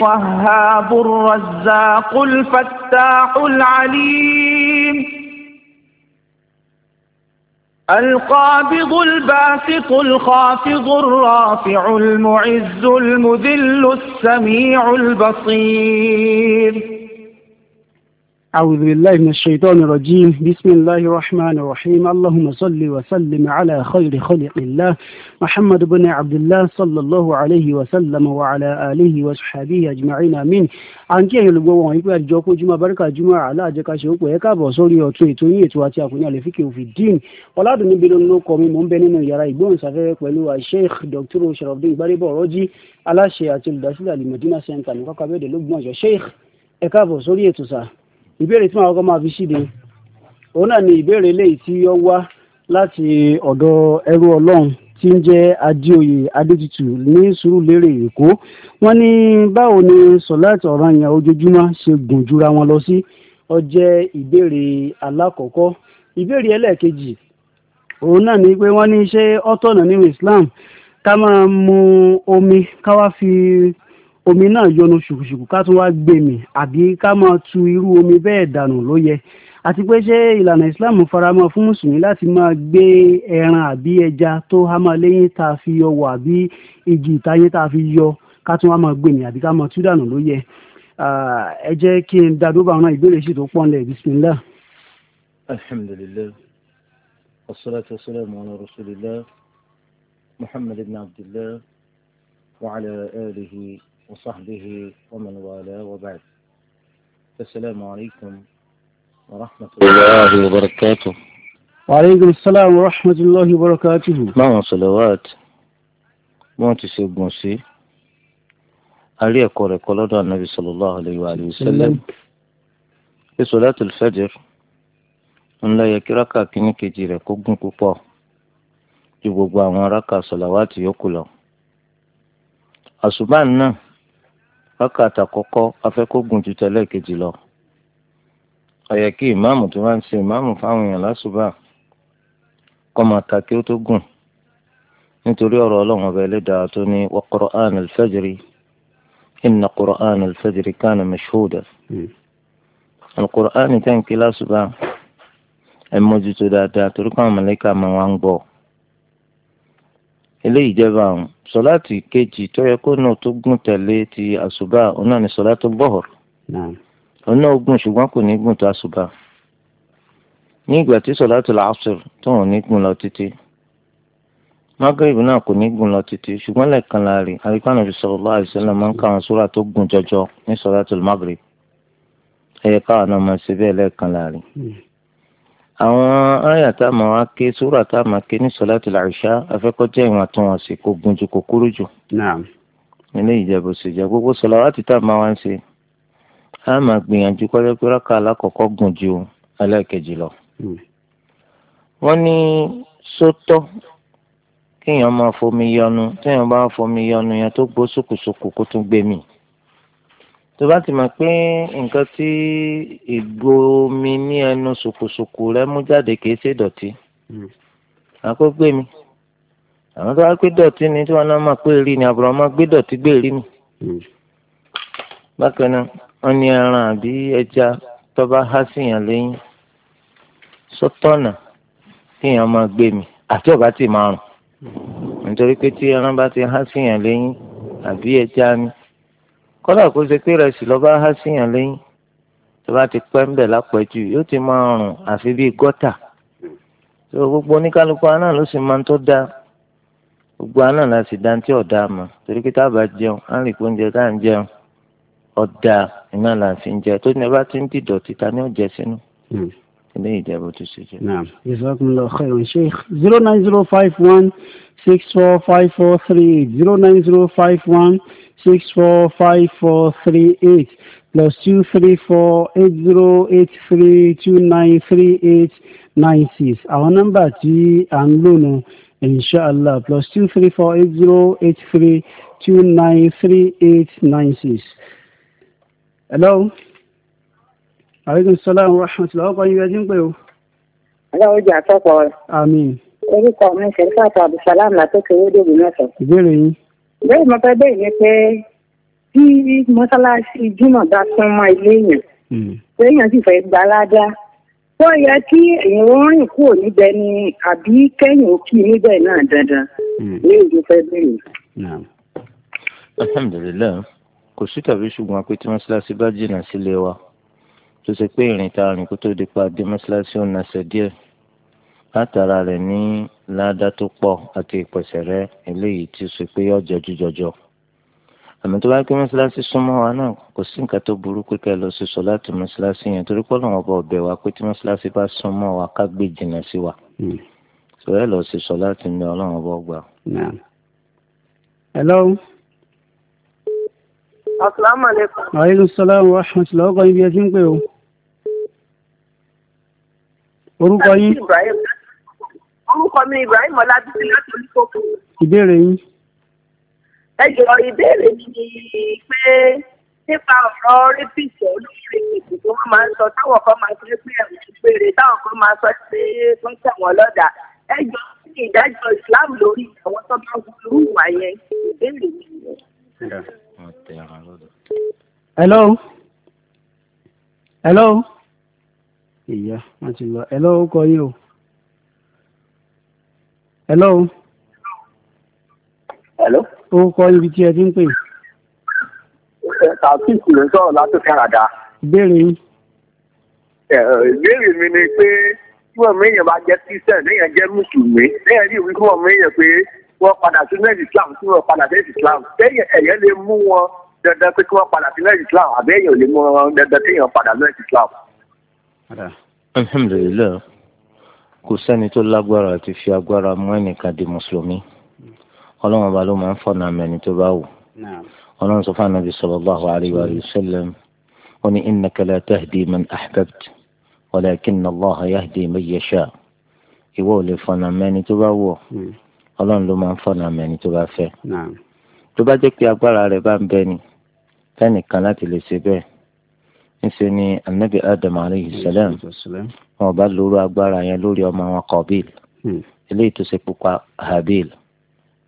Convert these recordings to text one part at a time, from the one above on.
وهاب الرزاق الفتاح العليم القابض الباسط الخافض الرافع المعز المذل السميع البصير أعوذ بالله من الشيطان الرجيم بسم الله الرحمن الرحيم اللهم صل وسلم على خير خلق الله محمد بن عبد الله صلى الله عليه وسلم وعلى آله وصحبه أجمعين آمين àǹkí ẹ̀yin olùgbọ́ wọn ìpè àjọ kó jùmọ̀ abáríkà jùmọ̀ àlá àjẹká ṣe ó pè é káàbọ̀ sórí ọ̀tún ètò yín ètò àti àkùnrin àlèfíkè òfin dín ọ̀làdùn níbi ló ń lókọ mi mò ń bẹ nínú yàrá ìgbóhùnsáfẹ́fẹ́ pẹ̀lú Sheikh Dr. Sharafdin Gbadebo Ọ̀rọ̀jì aláṣẹ àti olùdásílẹ̀ Al-Madina Center ní kọ́kọ́ abẹ́ẹ̀dẹ̀ lógún ọ̀yọ́ Sheikh ẹ káàbọ̀ sórí ètò sáà ìbéèrè tí màá kọ́ máa fi ṣíde òun náà ni ìbéèrè eléyìí tí ó wá láti ọ̀dọ̀ ẹrú ọlọ́run tí ń jẹ́ adéoyè adétutù ní sùúrùlérè èkó wọ́n ní báwo ni sọ̀láàtì ọ̀ranyàn ojoojúmọ́ ṣe gùn jura wọn lọ sí ó jẹ́ ìbéèrè alákọ̀ọ́kọ́ ìbéèrè ẹlẹ́ẹ̀kejì òun náà ni pé wọ́n ní ṣé ọ́tọ̀nà nínú Islam ká máa mu omi ká wá fi omi náà yọnu ṣùkùṣùkù ká tún wá gbé mì àbí ká máa tu irú omi bẹ́ẹ̀ dànù ló yẹ àti pé ṣé ìlànà ìsìláàmù faramọ́ fún mùsùlùmí láti máa gbé ẹran àbí ẹja tó há máa léyìn tá a fi yọ wọ àbí igi ìtayín tá a fi yọ ká tún wá máa gbé mì àbí ká máa tú dànù ló yẹ ẹ jẹ́ kí n dá dúró àwọn ìbéèrè sì tó pọ́nlẹ̀ bisimilá. alhamdulilayi wasalaatu wasalaamu ala rasulillah muhammad ibn abdillah wa ala alihi. وصحبه ومن والاه وبعد السلام عليكم ورحمة الله وبركاته وعليكم السلام ورحمة الله وبركاته ما صلوات ما تسيبون سي علي أقول أقول النبي صلى الله عليه وآله وسلم في صلاة الفجر ń لا يكرك kí rákà kínní kejì rẹ̀ kó gùn púpọ̀ ju náà rákàtà kọ́kọ́ afẹ́kọ́gùn ju tẹ́lẹ̀ kejì lọ. ó yẹ kí ìmáàmù tó bá ń ṣe ìmáàmù fáwọn èèyàn lásùbà kọ́ máa ka kí ó tó gùn nítorí ọ̀rọ̀ ọlọ́run ọba ẹlẹ́dàá tó ní wa qur'an al-fajri inna qur'an al-fajri kana mashhuda. Hmm. al-qur'an tẹ́ǹkì lásùbà ẹ̀ mójútó dáadáa torí káwọn mọ̀lẹ́kà máa wá ń gbọ́ eléyìí jẹba àwọn sọláàtì kejì tó yẹ kó náà tó gùn tẹ̀lé ti àṣùbà òun náà ní sọláàtì bọ́ọ̀rù òun náà gùn ṣùgbọ́n kò ní gùn tó àṣùbà ní ìgbà tí sọláàtì làásùr tó wọn ní gùn lọ títí magreb náà kò ní gùn lọ títí ṣùgbọ́n lẹ́ẹ̀kan láàrin àríkànnà fi sọ̀rọ̀ lọ́wọ́ máa ń káwọn sóra tó gùn jọjọ ní sọláàtì magreb ẹ̀yẹ káwọn náà máa ṣe bẹ́ẹ̀ lẹ́ẹ̀kan láàrin. Hmm àwọn àyà tá a máa wá ké sóra tá a máa ké ní sọláàtì làrìṣà afẹ́kọ́jẹ́ ìwọ̀n tí wọ́n sì kó gun jù kó kúrú jù. ilé ìjẹ́bù sì jẹ́ gbogbo sọlá wá ti tá a máa wá ń ṣe a máa gbìyànjú kọ́jọ́ pé rákà alákọ̀ọ́kọ́ gùn ju ẹlẹ́ẹ̀kejì lọ. Hmm. wọ́n ní sótọ́ kéèyàn máa fomi yọnu téèyàn bá fomi yọnu yẹn tó gbó sùkùsùkù kó tún gbé mì tó bá ti mọ̀ pé nǹkan tí ìgò omi ní ẹnu ṣòkòṣòkò rẹ mú jáde kìí ṣe dọ̀tí hmm. àkọ́gbé mi àwọn tó bá gbé dọ̀tí ni tí wọ́n náà mọ̀ pé èrí ni àbúrò ọmọ gbé dọ̀tí gbé èrí mi. Hmm. bákan náà wọ́n ní ẹran àbí ẹja tó bá há síyàn lẹ́yìn sọ́tọ̀nà kíyàn máa gbé mi àti ọ̀bá ti máa rùn hmm. nítorí pé tí ẹran bá ti há síyàn lẹ́yìn àbí ẹja ni kódà kó ṣe pé rẹ̀ sì lọ́ba há síyàn lẹ́yìn tó bá ti pẹ́ ń bẹ̀ lápẹ́jù yóò ti máa rùn àfi bíi gọ́tà tó gbogbo oníkálukú aná ló sì máa ń tó dáa gbogbo aná la sì dá tí ọ̀dà mọ̀ torí pé táàbà jẹun á lè kó oúnjẹ tá à ń jẹun ọ̀dà iná là ń fi jẹ tó ní ẹ bá ti ń dìdọ̀tí ta ni ó jẹ sínú hmm. eléyìí jẹ ti ṣe jẹ. jazakumullahu khairan sheikh zero nine zero five one six four five four three eight zero nine zero five one six four five four three eight plus two three four eight zero eight three two nine three eight nine six àwọn nọ́mbà tí à ń lò nù inshallah plus two three four eight zero eight three two nine three eight nine six. hello. aleykum salaam wa rahmatulah ọkọ yín ẹjí ń pè o. ọlọ́run jẹ́ àtọ́kọ̀ rẹ̀. àmín. orúkọ mi ṣe ń fàtọ̀ abdulsalam látòkè owó dògùn mẹ́sàn ìbéèrè yín ìwé ìmọ̀ fẹ́ bẹ́ẹ̀ ni pé bí mọ́sálásí jùmọ̀ bá tún mọ́ ilé hmm. èèyàn lẹ́yìn sì fẹ́ gbà ládá wọ́n yẹ kí èyàn ó rìn kúrò níbẹ̀ ni àbí kẹ́yìn ó kí níbẹ̀ náà dandan hmm. ní ìlú fẹ́ bẹ́ẹ̀. alhamdulilayi kò sí tàbí ṣùgbọ́n pé tí mọ́sálásí bá jìnnà sílé wa tó ṣe pé ìrìn ta rìn kó tó di pa dé mọ́sálásí ó nasẹ̀ díẹ̀ látara rẹ̀ ní ládá tó pọ̀ àti ìpèsè rẹ̀ eléyìí tí ó ṣe pé ọjọ́ jíjọjọ́ àmì tó bá gbé mọ́ṣáláṣí súnmọ́ wa náà kò sí nǹkan tó burú pé kẹ́ ẹ lọ sí sọ láti mọ́ṣáláṣí yẹn torí pé ọlọ́run ọba ọ̀bẹ wa pé tí mọ́ṣáláṣí bá súnmọ́ wa ká gbé jìnnà sí wa hmm. sọ ẹ lọ sí sọ láti ní ọlọ́run ọba ọgbà. Hmm. hello. asalaamualeykum. aleykum salaam wa rahmatulah ọkọ ibi ẹ ti ń pè o. orúkọ yín. ibrahim orúkọ mi Ibrahim Ọlábísí láti olùkókò. ìbéèrè yín. ẹ jọ ìbéèrè mi ni pé nípa ọ̀rọ̀ rẹ́pìtì olóṣèlú èkìtì tó wọ́n máa ń sọ táwọn kan máa ṣe pé ẹ̀wọ̀n ìpèrè táwọn kan máa sọ pé wọ́n tẹ̀wọ̀n lọ́dà ẹ jọ sí ìdájọ́ Islam lórí àwọn tó bá wù ú wà yẹn ìbéèrè mi hello hello ìyá wọn ti lọ hello ó kọ yín o hello. hello. ó kọ ibi tí ẹ ti ń pè. taofik ló ń sọ̀rọ̀ láti Canada. ìbéèrè yín. ìbéèrè mi ni pé tí wọ́n méèyàn bá jẹ́ kristian léèyàn jẹ́ mùsùlùmí léèyàn rí ìwé kí wọ́n méèyàn pé wọ́n padà sí mẹ́rin islam tí wọ́n padà sí islam lẹ́yìn ẹ̀yẹ lè mú wọn dandan pé kí wọ́n padà sí mẹ́rin islam àbẹ́yẹ̀ ò lè mú wọn dandan kéèyàn padà sí mẹ́rin islam. alhamdulilayi kò sẹ́ni tó lágbára àti fi agbára mú ẹnìkan di mùsùlùmí ọlọ́run ọba ló máa ń fọ̀nà mẹ́ni tó bá wù ọlọ́run sọ fún anabi sallallahu alayhi wa sallam ó ní innaka la tahdi man ahbabta walakinna Allaha yahdi man yasha ìwọ ò lè fọ̀nà mẹ́ni tó bá wù hmm. ọlọ́run ló máa ń fọ̀nà mẹ́ni tó bá fẹ́ tó bá jẹ́ pé agbára rẹ̀ bá ń bẹ fẹ́nìkan láti lè ṣe bẹ́ẹ̀ níṣẹ́ ni anabi adam aleyhi salam wọn bá lóru agbára yẹn lórí ọmọ wọn kọ̀bíl hmm. eléyìí tó ṣe pupa habil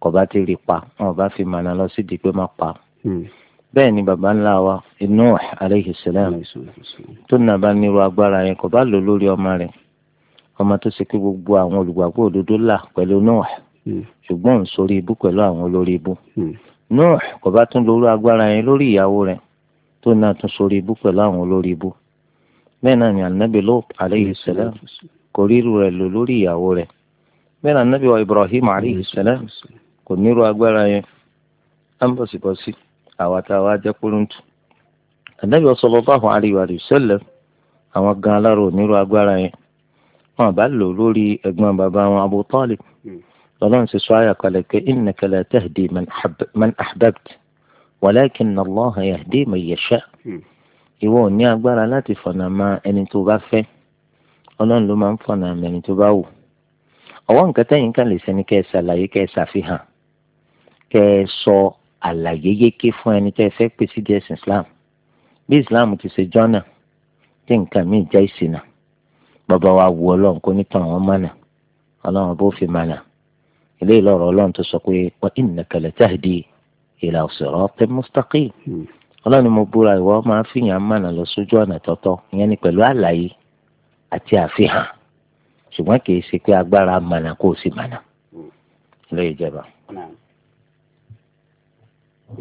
kò bá ti rí pa wọn bá fi màná lọ sí dìgbé má pa hmm. bẹ́ẹ̀ ni baba ńlá wa nuh aleyhi salam tó nà bá nírú agbára yẹn kò bá lò lórí ọmọ rẹ̀ ọmọ tó ṣe pé gbogbo àwọn olùgbàgbọ́ òdodo là pẹ̀lú nuh hmm. ṣùgbọ́n òun sórí ibú pẹ̀lú àwọn olórí ibú nuh kò bá tún lóru agbára yẹn lórí ìyàwó rẹ̀ tó náà tún sórí ibú pẹ̀lú àwọn olórí ibú bẹ́ẹ̀ náà ni anabi ló aleyhi sẹlẹm kò ríru rẹ̀ lò lórí ìyàwó rẹ̀ bẹ́ẹ̀ náà anabi wa ibrahim aleyhi sẹlẹm kò nírú agbára yẹn ambọ̀sibọ̀sì àwa tá a wá jẹ́ kúrúntù anabi sallallahu aleyhi wa sẹlẹm àwọn gan alára ò nírú agbára yẹn wọn bá lò lórí ẹ̀gbọ́n bàbá wọn abu talib lọ́lọ́run hmm. ti sọ àyàkálẹ̀ kẹ́ innaka la man ahbabta. walakinna Allaha yahdi man yasha hmm. ìwọ ò ní agbára láti fọ̀nà ma ẹni tó bá fẹ́ ọlọ́run ló máa ma ẹni tó bá wù ọwọ́ nǹkan tẹ́yìn kan lè sẹ́ni kẹ́ ẹ ṣàlàyé fún ẹni tẹ́ ẹ fẹ́ Islam bi Islam ti ṣe jọ́nà tí nǹkan míì jẹ́ ìṣìnà bàbá wa wù ọlọ́run kó nítorí àwọn mánà ọlọ́run bó fi mánà ilé ìlọ́rọ̀ ìlà siratin mustaqim ọlọ́run ni mo búra ìwọ máa fi yàn mànà lọ sójú ọ̀nà tọ́tọ́ ìyẹn ni pẹ̀lú àlàyé àti àfihàn ṣùgbọ́n kì í ṣe pé agbára mànà kò sí mànà ló yẹ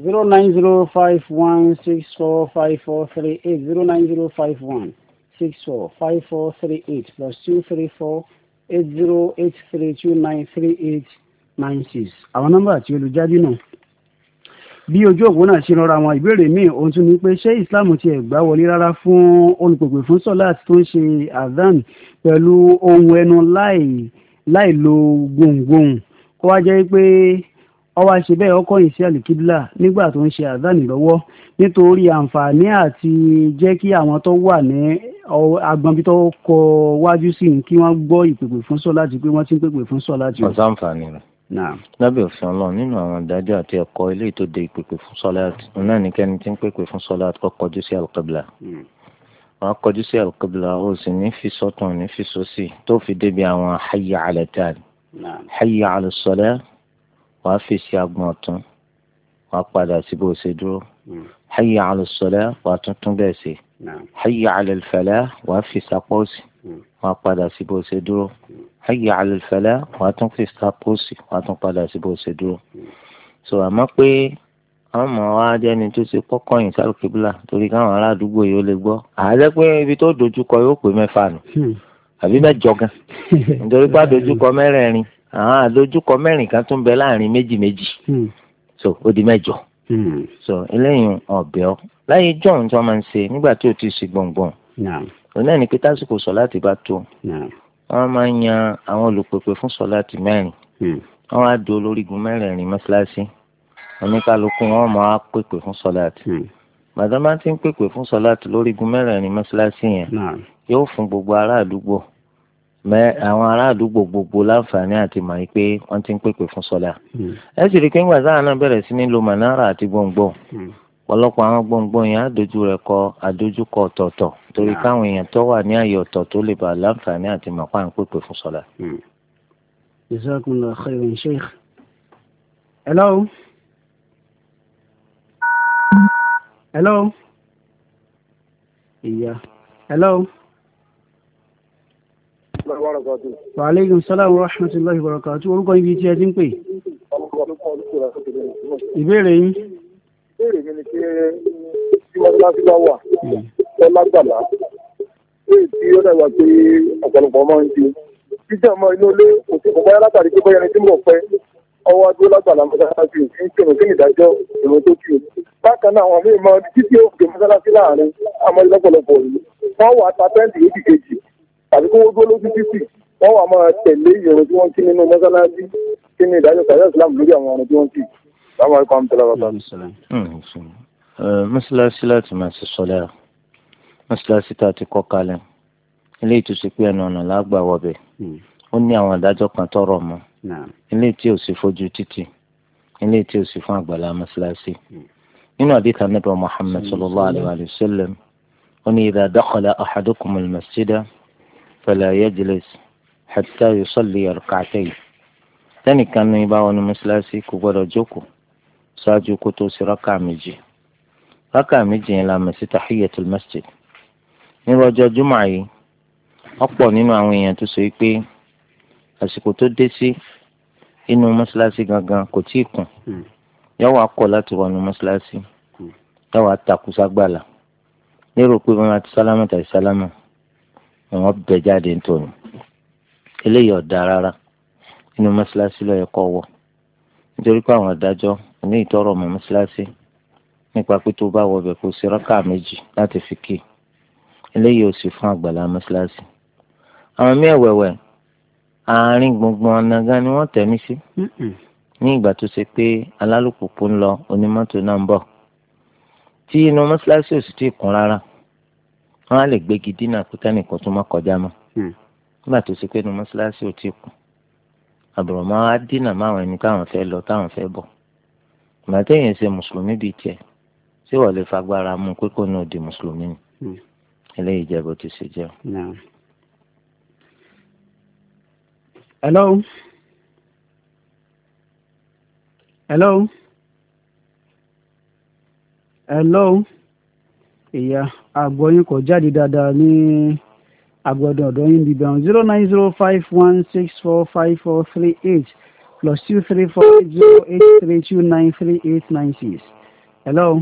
zero nine zero five one six four five four three eight zero nine zero five one six four five four three eight plus two three four eight zero eight three two nine three eight nine six àwọn nọ́mbà àti olùjáde náà bí ojú òpó náà ṣe rọra wọn ìbéèrè míì ohun tún ni pé ṣé islam ti ẹ̀gbá wọlé rárá fún olùpèpè fún sọ́láàtì tó ń ṣe azan pẹ̀lú ohun ẹnu láì lo gbohùngbohùn kó wá jẹ́ pé ọwọ́ àṣẹ bẹ́ẹ̀ ọkọ̀ yìí sí alikibla nígbà tó ń ṣe azan lọ́wọ́ nítorí àǹfààní àti jẹ́ kí àwọn tó wà ní agbọ̀nbí tó kọ wájú sí kí wọ́n gbọ́ ìpèpè fún sọ́láàtì pé wọ́n ti ń pèpè fún sọ́láàtì. ọ̀sán àǹfààní rẹ̀ lábẹ́ òfin ọlọ́run nínú àwọn ìdájọ́ àti ẹ̀kọ́ eléyìí tó de ìpèpè fún sọ́láàtì náà nìkẹ́ni tí ń pèpè fún sọ́láàtì kọ́ kọjú sí àlùkàbìlà hmm. wọn kọjú sí àlùkàbìlà ó sì ní fi sọ́tún ní fi sósì tó fi débi àwọn hayya ala tààrí hayya ala sọ́lá wàá fi sí agbọ̀n ọ̀tún wàá padà sí bó ṣe dúró hmm. hayya ala sọ́lá wàá tuntun bẹ́ẹ̀ ṣe hayya ala falah wàá fi sapọ́ọ̀sì wọ́n á padà sí bó ṣe dúró hayya ala al-falah wọ́n á tún fi sápòsì wọ́n á tún padà sí bó ṣe dúró. sọ àmọ́ pé àwọn ọmọ wa jẹ́ni tó ṣe kọ́kọ́ yìí sálùkébílà torí káwọn ará àdúgbò yìí ó lè gbọ́ àádẹ́ pé ibi tó dojúkọ yóò pè mẹ́fà nù hmm. àbí mẹ́jọ gan nítorí pé àdojúkọ mẹ́rẹ̀ẹ̀rin àwọn àdojúkọ mẹ́rin kan tún bẹ láàrin méjì méjì hmm. so ó di mẹ́jọ hmm. so eléyìí ọ̀bẹ ọ láyé john tí wọ́n máa ń ṣe nígbà tí ò ti ṣe gbọ̀ngbọ̀n òun náà ní pé tásìkò sọ̀láàtì bá tó wọ́n máa ń yan àwọn olùpèpè fún sọ̀láàtì mẹ́rin hmm. wọ́n á do olórígun mẹ́rẹ̀ẹ̀rin mọ́ṣáláṣí oníkálukú wọn máa pèpè fún sọ̀láàtì màdàmá hmm. ti ń pèpè fún sọ̀láàtì lórígun mẹ́rẹ̀ẹ̀rin mọ́ṣáláṣí yẹn yóò fún gbogbo ará àdúgbò mẹ àwọn ará àdúgbò gbogbo láǹfààní àti màá pé wọ́n ti ń pèpè fún sọlá hmm. ẹ sì rí i pé ńgbà táwọn náà bẹ̀rẹ̀ sí ní lo manara àti gbòǹgbò ọ̀pọ̀lọpọ̀ àwọn gbọ̀ngbọ̀n yẹn àdójú rẹ̀ kọ àdójúkọ ọ̀tọ̀ọ̀tọ̀ torí káwọn èèyàn tó wà ní àyè ọ̀tọ̀ tó lè bá láǹfààní àti màpá ń pèpè fún sọ́lá. Hmm. jazakumullahu khairan sheikh. hello. hello. ìyá. hello. wa aleykum salaam wa rahmatulahi wa barakatuh orúkọ ibi tí ẹ ti ń pè. ìbéèrè yín béèrè mi ni pé bí wọ́n bá síbá wà wọ́n lágbàlá lóyè tí ó dàgbà pé ọ̀pọ̀lọpọ̀ máa ń di jíjà ọmọ inú ilé kò sí kò báyá látàrí pé bóyá ẹni tí mo fẹ́ ọwọ́ adúró lágbàlá mọ́sálásí kì í kírun kí ni ìdájọ́ ìrun tó kí o bákan náà àwọn míì máa títí ó fi mọ́sálásí láàrin àmọ́ ìlọ́pọ̀lọpọ̀ yìí wọ́n wà á ta pẹ́ǹtì lójú kejì tàbí kó wọ́n dúró lójú títì wọ́n wà máa tẹ̀lé ìrun tí wọ́n kí nínú mọ́sálásí kí ni ìdájọ́ sàrẹ́ ìsìlámù lórí àwọn ọ̀run tí wọ́n kì í sáwọn ikọ̀ ń tẹ̀lé wọ́tọ̀. mọ́ṣáláṣí láti máa ṣe sọ́lá mọ́ṣáláṣí tá a ti kọ́ kalẹ̀ ilé ìtúsí pé ẹnu ọ̀nà lágbà wọ̀bẹ̀ hmm. ó ní àwọn adájọ́ kan tọrọ mọ́ ilé tí ò sí fojú títì ilé tí ò sí fún àgbàlá mọ́ṣáláṣí hmm. nínú àdìkà nàbẹ̀ Muhammad sallallahu alayhi wa ó ní idha dakhala ahadukum al-masjida fala yajlis hatta yusalli ṣáájú kó tó sí rákà méjì rákà méjì yẹn la mọ̀ sí tahiyatul masjid nírú ọjọ́ jùmọ̀ yìí ọ̀pọ̀ nínú àwọn èèyàn tó sọ pé àsìkò tó dé sí inú mọ́ṣáláṣí gangan kò tí ì kùn hmm. yọ̀wọ̀ akọ̀ láti wọnú mọ́ṣáláṣí hmm. yọ̀wọ̀ àtàkùságbàlà lérò pé wọn àti sálámà tàbí sálámà wọn bẹ jáde nítorí eléyìí ọ̀dà rárá inú mọ́ṣáláṣí ló yẹ nítorí pé àwọn adájọ́ ilé ìtọ́rọ̀ mọ́ mọ́ṣáláṣí nípa pé tó bá wọ ọbẹ̀ kó ṣe rákà méjì láti fi kí eléyìí ò sì fún àgbàlá mọ́ṣáláṣí. àwọn míì ẹ̀wẹ̀wẹ̀ àárín gbùngbùn ọ̀nà gan ni wọ́n tẹ̀mí sí ní ìgbà tó ṣe pé alálùpùpù ń lọ onímọ́tò náà ń bọ̀ tí inú mọ́ṣáláṣí ò sì tí ì kún rárá wọ́n á lè gbégi dínà pé kẹ́nìkan tó má kọjá mọ́ mm. nígbà tó ṣe pé inú mọ́ṣáláṣí ò tí ì kún àbùrọ̀mọ́ á dínà máwọn ẹni táwọn fẹ́ lọ táwọn fẹ́ bọ̀ màtẹ́yìn ṣe mùsùlùmí bíi tiẹ̀ ṣé wọ́n lè fagbára mú pé kò náà di mùsùlùmí ni hmm. eléyìí jẹ́ bó ti ṣe jẹ́. hello hello hello ìyá àgbọ̀ yín kò jáde dáadáa ní àgbọ̀dọ̀ ọ̀dọ̀ yín bíbẹ̀ zero nine zero five one six four five four three eight plus two three four eight zero eight three two nine three eight nine six. hello.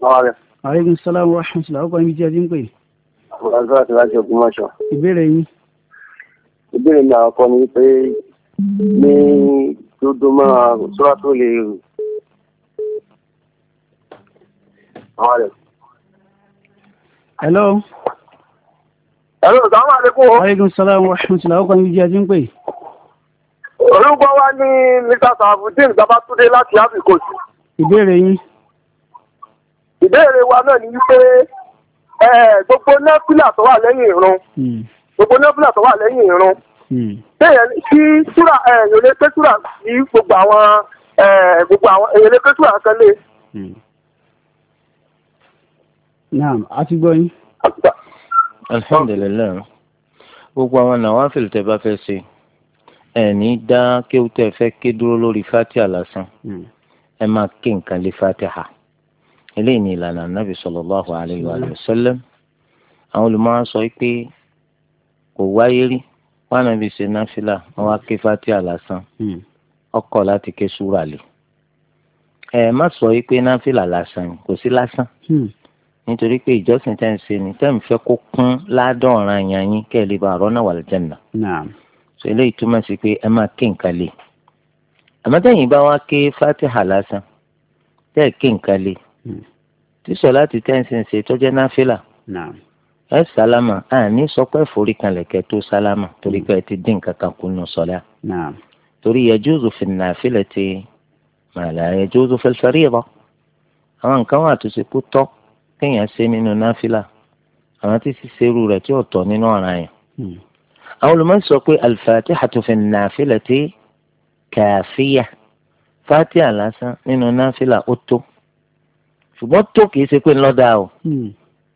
ọ̀rẹ́. aleykum salaam wa rahmatulah ọkọ ibi tí a ti ń pè. ọ̀gá àti láti Ògbómọ̀ṣọ́. ìbéèrè yín. ìbéèrè mi àkọ́kọ́ ni pé ní dúdú máa sọ́ra tó lè rù. hello. hello salaam aleykum. aleykum salaam wa rahmatulah ọkọ ibi tí a ti ń pè orúkọ wa ní mr sàfùdín sabatúndé láti áfíkòsì. ìbéèrè yín. ìbéèrè wa náà ni wípé gbogbo nẹ́pìlà tó wà lẹ́yìn ìrun hmm. gbogbo nẹ́pìlà tó wà lẹ́yìn ìrun bẹ́ẹ̀ hmm. sí súrà èlé pẹ́tùrà sí gbogbo àwọn gbogbo àwọn èlé pẹ́tùrà kan lé. Hmm. naam a ti gbọ́ yín. alhamdulilayi gbogbo àwọn nawafil tẹ́ bá fẹ́ ṣe. ẹ̀ní dá kéwù lori ké dúró lórí fatiha lásán hmm. ẹ máa ké nǹkan lé fatiha eléyìí ni ìlànà anábì sallallahu alayhi wa sallam àwọn olùmọ̀ràn sọ pé kò wáyé rí wọn ànábì ṣe náfìlà wọn wá ké fatiha lásán ọkọ hmm. láti ké súrà lé ẹ má sọ pé náfìlà lásán kò sí lásán nítorí so eléyìí túmọ̀ sí pé ẹ máa ké nǹkan lé àmọ́tẹ́yìn bá wá ké fatiha lásán tẹ́ ẹ̀ ké nǹkan lé hmm. tí sọlá ti tẹ́ ń sìn ṣe tó jẹ́ náfìlà ẹ sálámà àní sọpẹ́ forí kanlẹ̀ kẹ́ tó sálámà torí hmm. pé ẹ ti dín nǹkan kan kú nù sọlá torí yajuzu fi nafilati ma la yajuzu fil fariida àwọn nǹkan wà tó ṣe kó tọ́ kéèyàn ṣe nínú náfìlà àwọn tí ṣiṣẹ́ irú rẹ̀ tí ò àwọn olùmọ̀ọ́ sọ pé al-Fatihatu fi an-nafilati kàfíyà fatiha lásán nínú náfìlà ó tó ṣùgbọ́n tó kìí ṣe pé ńlọ́dà o hmm.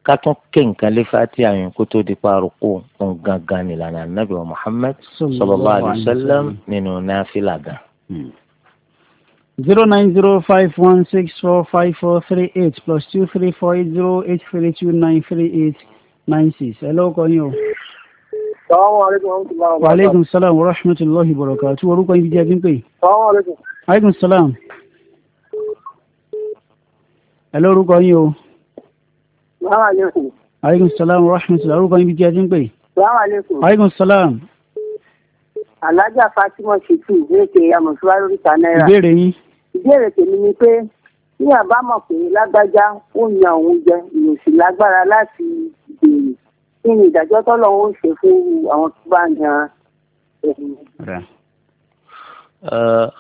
ká tún ké nǹkan lé fatiha yẹn kó tó di paroko òun gangan nàbì wa Muhammad sallallahu alayhi nínú náfìlà gan. Hmm. zero nine zero five one six four five four three eight plus two three four eight zero eight three two nine three eight nine six. ẹ lọ́kọ̀ yín o. Salam sálàm rahmatullahi baraka tí orúkọ yìí jẹ́ bímpé. Wàhálẹ́gùn sálàm. Ẹ lórúkọ yìí o. Wàhálẹ́gùn sálàm rahmatullahi orúkọ yìí jẹ́ bímpé. Wàhálẹ́gùn sálàm. Alájà Fatima Ṣètù ìbéèrè ìyàmọ̀ síwájú ríta náírà. Ìbéèrè yín. Ìbéèrè tèmi ni pé bí àbámọ̀ pé lágbájá ó yan òun jẹ ìròsì lágbára láti béèrè kí ni ìdájọ́ tọ́lọ́run ó ṣe fún àwọn tó bá ń yan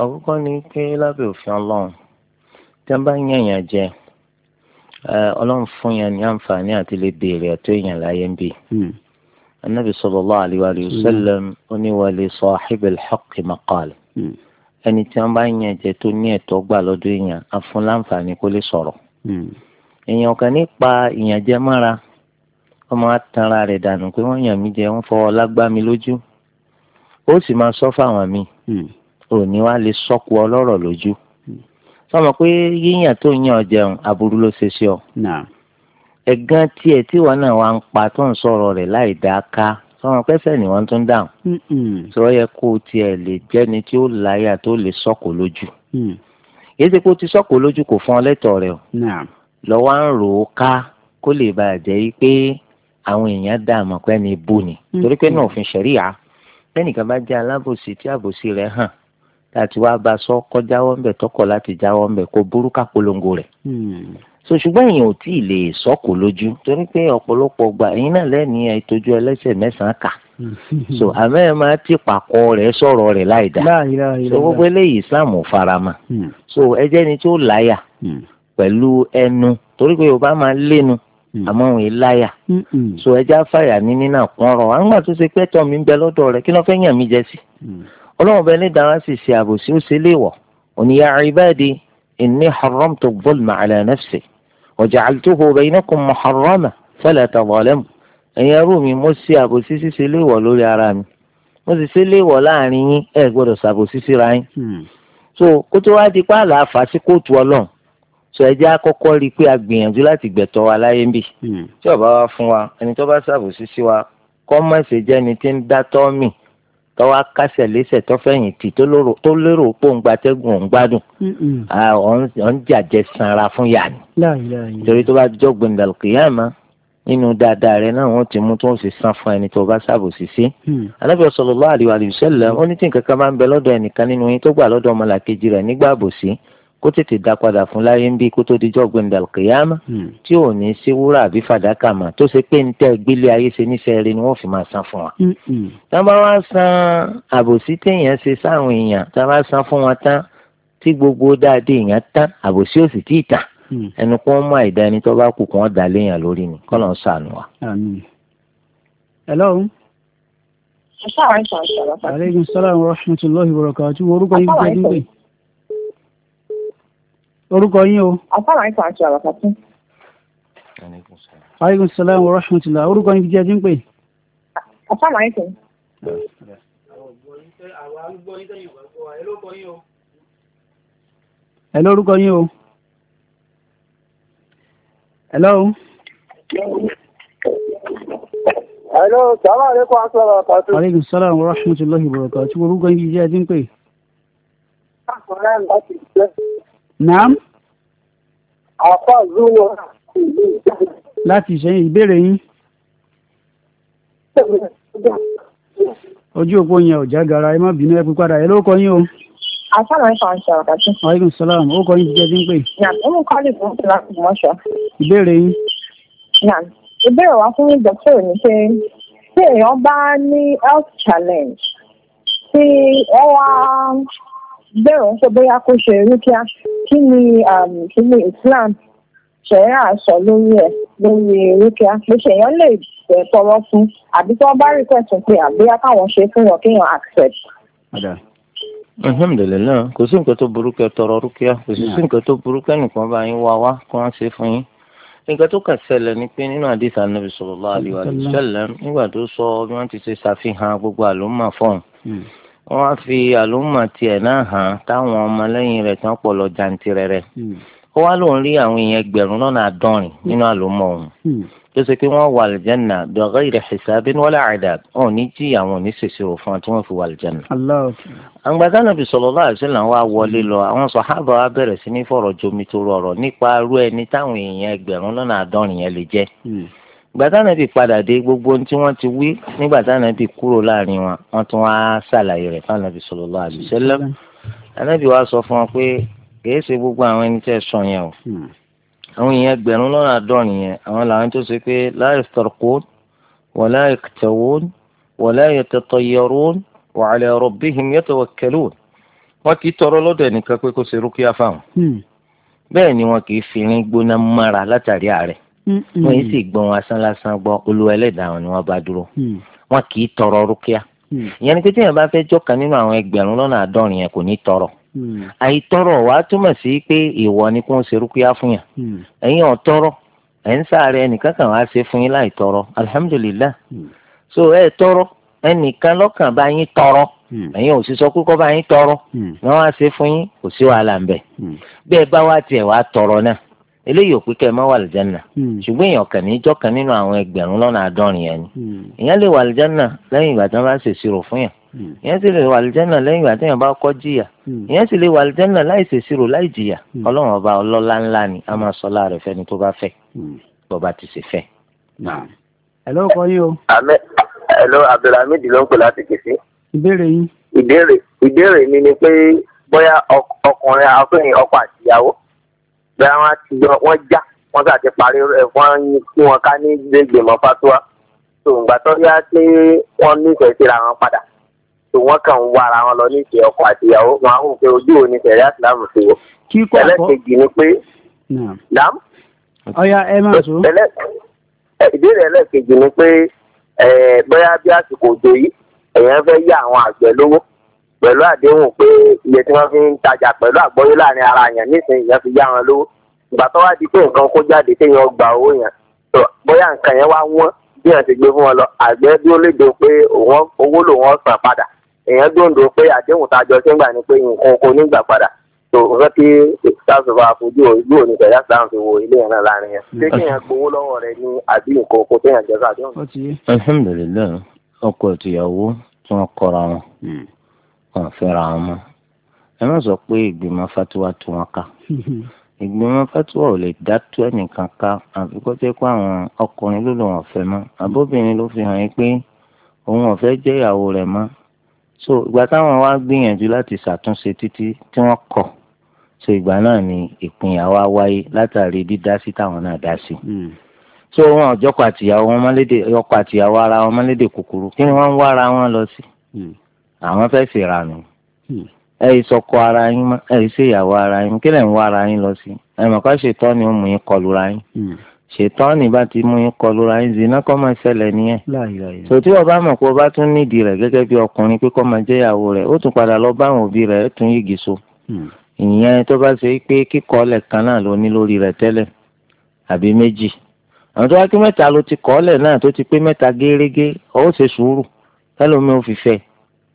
àkọ́kọ́ ni pé lábẹ́ òfin ọlọ́run tí wọ́n bá ń yànyàn jẹ ọlọ́run fún yàn ní àǹfààní àti lè béèrè ẹ̀tọ́ èèyàn láyé ń bì. النبي صلى الله عليه وآله وسلم أني ولصاحب الحق مقال ẹni tí wọn bá yàn jẹ tó ní ẹ̀tọ́ gbà lọ́dọ̀ èèyàn afúnláǹfààní kó ọmọ atanra rẹ̀ dànù pé wọ́n yàn mí jẹ wọ́n fọ ọlágbá mi lójú ó sì máa sọ fáwọn mi ò hmm. ní wá lè sọ́kù ọlọ́rọ̀ lójú hmm. sọmọ pé yíyàn tó yàn ọ jẹun aburú ló ṣe sí ọ ẹ̀gán tiẹ̀ tí wọn náà wá ń pa tó ń sọ̀rọ̀ rẹ̀ láì dáa ká sọmọ pẹ́sẹ̀ ni wọ́n tún dáhùn hmm. sọ yẹ kó tiẹ̀ lè jẹ́ni tí ó láyà tó lè sọ́kù lójú yìí ti kó ti sọ́kù lójú kò fún ọ lẹ́tọ̀ọ́ rẹ̀ o lọ́wọ́ ń rò ó ká kó lè bàjẹ́ yìí pé àwọn èèyàn dá àmọ̀ pé ẹni bú ni mm-hmm. torí pé náà òfin ṣẹ̀ríà lẹ́nìkan bá jẹ́ alábòsí tí àbòsí rẹ̀ hàn láti wá bá sọ kọ́ jáwọ́ ńbẹ̀ tọkọ̀ láti jáwọ́ ńbẹ̀ kó burú ká polongo rẹ̀ mm-hmm. so ṣùgbọ́n èèyàn ò tí ì lè sọ́kò lójú torí pé ọ̀pọ̀lọpọ̀ gbà ẹ̀yin náà lẹ́ni ìtọ́jú ẹlẹ́sẹ̀ mẹ́sàn-án kà mm-hmm. so àmọ́ ẹ máa ti pàkọ́ rẹ̀ sọ̀rọ̀ rẹ̀ láì dá so gbogbo eléyìí Islam ò farama so ẹ jẹ́ ni tí ó láyà pẹ̀lú ẹnu torí pé Yorùbá máa lénu àmọ́ òun yìí láyà so ẹja fàyà ní nínà kún ọ̀rọ̀ à ń gbà tó ṣe pé tọ́ mi ń bẹ lọ́dọ̀ rẹ̀ kí ló fẹ́ yàn mí jẹ sí mm. ọlọ́run bẹ ní dáhà sì ṣe àbòsí ó ṣe léèwọ̀ òníyà ibadi inni haramtu zulma ala nafsi wa ja'altuhu bainakum muharrama fala tadhalamu ẹ̀yin ẹrú mi mo ṣe àbòsí ṣíṣe léèwọ̀ lórí ara mi mo sì ṣe léèwọ̀ láàrin yín ẹ gbọ́dọ̀ ṣàbòsí síra yín mm. so kó wá di pààlà àfàsí kóòtù ọlọ́run sọ ẹjẹ àkọ́kọ́ rí i pé a gbìyànjú láti gbẹ̀tọ́ wa láyé ń bì hmm. tí ọba wa fún wa ẹni tó bá ṣàbòsí sí wa kọ́mọ̀sì jẹ́ ẹni tí ń dá tọ́mì tọ́wọ́ kásẹ̀ lẹ́sẹ̀ tọ́fẹ̀yìn tì tó lérò pé òun gbatẹ́gùn òun gbádùn ọ̀ ń jàjẹ́ sanra fún yà ni torí tó bá jọ́gbìn dàlùkìyàmá nínú dáadáa rẹ náà wọ́n ti mú tó ń sì san fún ẹni tó bá ṣàbòsí sí. Hmm. Ànábì sallallahu alaihi wa sallam ó ní tí nǹkan kan máa ń bẹ lọ́dọ̀ ẹnìkan nínú yín tó gbà lọ́dọ̀ ọmọlàkejì rẹ̀ nígbà àbòsí kó tètè dá padà fún láyé ń bí kó tó dijọ́ gbẹ̀ndà kìyàmá hmm. tí ò ní sí wúrà àbí fàdákà mà tó ṣe pé ń tẹ́ gbélé ayé ṣe níṣẹ́ rẹ ni wọ́n fi máa san fún wa. Hmm, hmm. tá a bá wá san àbòsí téèyàn ṣe sáwọn èèyàn tá a bá san fún wọn tán tí gbogbo dáadé èèyàn tán àbòsí ò sì tí ì tàn ẹnu kó mú àìdáni tó bá kù kó wọn dà léèyàn lórí ni kọ́ lọ́n sànù wa. Hello aleykum salaam wa rahmatulahi wa barakatuh orúkọ yìí gbẹdúgbẹ orúkọ yín o. àfàlà ń fa aṣọ àlàkà fún. aleykum salaam wa rahmatulah orúkọ yín jíjẹ́ jíǹpé. àfàlà ń fẹ́. ẹ yín o. hello. hello salaam aleykum aṣọ àlàkà fún. aleykum salaam wa rahmatulah ibrahima tí orúkọ yín jíjẹ́ jíǹpé. àfàlà ń bá ti jẹ́ naam. àpá ìlú wa. láti ìṣẹ́yìn ìbéèrè yín. ojú òpó yẹn ò já gara ẹ má bínú ẹ pípadà ẹ ló yín o. Àṣàlàyé kan ṣe ọ̀gá tí. Aleykum salaam, ó kọ yín jíjẹ́ bí ń pè. Yàtọ̀ mú kọ́lì fún mi láti mọ́ṣọ́. Ìbéèrè yín. Yàtọ̀ ìbéèrè wa fún dọ́kítọ̀ ni pé tí èèyàn bá ní health challenge tí wọ́n wá bẹ́ẹ̀ ń sọ bóyá kó ṣe rúkìá kí ni um, kí ni Islam ṣẹ̀rá sọ lórí ẹ̀ lórí rúkìá pé ṣèyàn lè tọrọ fún àbí tí wọ́n bá rí pẹ̀sùn pé àbíyá káwọn ṣe fún wọn kéèyàn accept. alhamdulilayi kò sí nǹkan tó burú kẹ́ tọrọ rúkìá kò sí sí nǹkan tó burú kẹ́ nìkan bá yín wá wá kó wọ́n ṣe fún yín nǹkan tó kàn ṣẹlẹ̀ ni pé nínú àdìsá nàbì sallallahu alaihi wasallam nígbà tó sọ bí wọ́n ti ṣe ṣàfihàn gbogbo àlùmọ̀ fọ́ọ̀n wọ́n á fi àlùmọ̀ tiẹ̀ náà hàn táwọn ọmọlẹ́yìn rẹ̀ tán pọ̀ lọ jantirẹrẹ hmm. ó wá lóun rí àwọn èèyàn ẹgbẹ̀rún lọ́nà àádọ́rin hmm. nínú àlùmọ̀ ọ̀hún hmm. tó ṣe pé wọ́n wà lìjẹ́nà dọ̀gọ́ ìrẹ̀ hisabin wala adab ọ̀hún ní jí àwọn oníṣẹ̀ṣẹ̀ òfin àti wọ́n fi wà lìjẹ́nà. àgbàdo ànábì sallallahu alaihi wasallam wá wọlé lọ àwọn sàhábà wa bẹ̀rẹ̀ sí ní fọ̀rọ̀ jomitoro ọ̀rọ̀ nípa irú ẹni táwọn èèyàn ẹgbẹ̀rún lọ́nà àádọ́rin yẹn lè jẹ́ ìgbà táwọn ẹbí padà dé gbogbo ohun tí wọ́n ti wí nígbà táwọn ẹbí kúrò láàrin wọn wọ́n tún wá ṣàlàyé rẹ̀ fáwọn ẹbí sallallahu alaihi wasallam ẹnẹbí wa sọ fún wọn pé kìí ṣe gbogbo àwọn ẹni tẹ́ sọ yẹn o hmm. àwọn yẹn ẹgbẹ̀rún lọ́nà àádọ́rin yẹn àwọn làwọn tó ṣe pé la yaftarqun wa la yaktawun wa la yatatayyarun wa ala rabbihim yatawakkalun wọn kì í tọrọ lọ́dọ̀ ẹnìkan pé kó ṣe rúkìá fáwọn hmm. bẹ́ẹ̀ ni wọn kì í fi irin gbóná mára látàrí àárẹ̀ wọn yìí sì gbọ́n asán lásán gbọ́ olúwa ẹlẹ́dàá wọn ni wọ́n bá dúró mm. wọn kì í tọrọ rúkìá mm. ìyẹn ni pé tí èèyàn bá fẹ́ jọ́ka nínú àwọn ẹgbẹ̀rún lọ́nà àádọ́rin yẹn kò ní tọrọ mm. àìtọrọ wàá túmọ̀ sí pé ìwọ ni kò ń ṣe rúkìá fún yàn ẹ̀yin ò tọrọ ẹ̀ ń sáré ẹnìkan kan wá ṣe fún yín láì tọrọ alihamudulilayi so ẹ tọrọ ẹnìkan lọ́kàn bá yín tọrọ ẹ̀yin ò sì sọ pé kọ́ bá yín tọrọ ni wọ́n á ṣe fún yín kò sí wàhálà ń bẹ́ẹ̀ bá wá tiẹ̀ wá tọrọ náà eléyìí ò pé kẹ́ ẹ má wà lìjánà hmm. ṣùgbọ́n èèyàn kàn ní ìjọ kan nínú àwọn ẹgbẹ̀rún lọ́nà àádọ́rin yẹn ni hmm. èèyàn lè wà lìjánà lẹ́yìn ìgbà tí wọ́n bá ṣèṣirò fún yàn hmm. èèyàn sì lè wà lìjánà lẹ́yìn ìgbà tí èèyàn bá kọ́ jìyà èèyàn sì lè wà lìjánà láì ṣèṣirò láì jìyà ọlọ́run ọba ọlọ́lá ńlá ni a máa sọ láàrẹ̀ fẹ́ni tó bá fẹ́ bọ́ba ti ṣe fẹ́. ìbéèrè mi ni pé bóyá ọkùnrin akóyin ọkọ àtìyàwó bẹ́ẹ̀ wọ́n ti yọ wọ́n já wọ́n sà ti parí rẹ̀ wọ́n kí wọn ká ní gbẹ̀gbẹ̀mọ́ fatuwa tó ń gbàtọ́ yá pé wọ́n nífẹ̀ẹ́ síra wọn padà tó wọ́n kàn ń wá ara wọn lọ nífẹ̀ẹ́ ọkọ àti ìyàwó wọn á wò pé ojú ò ní fẹ̀rẹ́ àtìlámù sí wọ. kíkọ́ ẹlẹ́kejì ni pé dam. ọ̀ya ẹ máa sọ. ìbéèrè ẹlẹ́kejì ni pé bóyá bí àsìkò òjò yìí èèyàn fẹ́ yá àwọn àgbẹ̀ lówó pẹ̀lú àdéhùn pé iye tí wọ́n fi ń tajà pẹ̀lú àgbọ́yé láàrin ara yẹn nísìnyí yẹn fi yá wọn lówó ìgbà tó wá di pé nǹkan kó jáde téèyàn gba owó yẹn tó bóyá nǹkan yẹn wá wọ́n bí yẹn ti gbé fún wọn lọ àgbẹ̀ bí ó lè do pé owó lòun ọ̀sán padà èèyàn gbòǹdò pé àdéhùn tájọ ṣé ń gbà ní pé nǹkan kò ní gbà padà tó nǹkan tí sáàsì bá fojú ìlú òní tẹ̀yà sáà fi wo ilé yẹn náà láàrin yẹn ṣé kí yẹn gbowó lọ́wọ́ rẹ ní àbí nǹkan kó téèyàn jẹ́ sáà dé òun. alhamdulilayi ọkọ ìtìyàwó tí kọra wọn hmm wọn fẹ́ra wọn mọ́ ẹ má sọ pé ìgbìmọ̀ fatiwa tú wọn ká ìgbìmọ̀ fatiwa ò lè dá tú ẹnìkan ká àfi kó jẹ́ pé àwọn ọkùnrin ló lọ́wọ́ fẹ́ mọ́ àbóbìnrin ló fi hàn yín pé òun ò jẹ́ ìyàwó rẹ̀ mọ́ so ìgbà táwọn wá gbìyànjú láti ṣàtúnṣe títí tí wọ́n kọ̀ so ìgbà náà ni ìpínyà wa wáyé látàrí dídá sí táwọn náà dá sí hmm. so wọn ọjọ́kọ̀ àtìyàwó wọn mọ́lédè ọkọ̀ àtìyàwó ara wọn mọ́lédè kúkúrú kí ni wọ́n ń wá ara wọn lọ sí. Hmm àwọn fẹ́ ṣèrànù hmm. ẹ yìí sọkọ ara yín mọ́ ẹ yìí ṣèyàwó ara yín kí lẹ̀ ń wá ara yín lọ sí ẹ mọ̀ ká ṣètọ́ ni ó mú yín kọlu ra yín hmm. ṣètọ́ ni bá ti mú yín kọlu ra yín zina kọ́ máa ṣẹlẹ̀ nìyẹn sòtí ọba mọ̀ pé ọba tún nídìí rẹ̀ gẹ́gẹ́ bí ọkùnrin pé kọ́ máa jẹ́ ìyàwó rẹ̀ ó tún padà lọ bá àwọn òbí rẹ̀ ẹ̀ tún yìgì so hmm. ìyẹn tó bá ṣe pé kíkọ́ lẹ̀ kan náà ló ní lórí rẹ̀ tẹ́lẹ̀ àbí méjì àwọn tó wá kí mẹ́ta ló ti kọ́ lẹ̀ náà tó ti pé mẹ́ta gérégé ó ṣe sùúrù tẹ́lómi ò fi fẹ́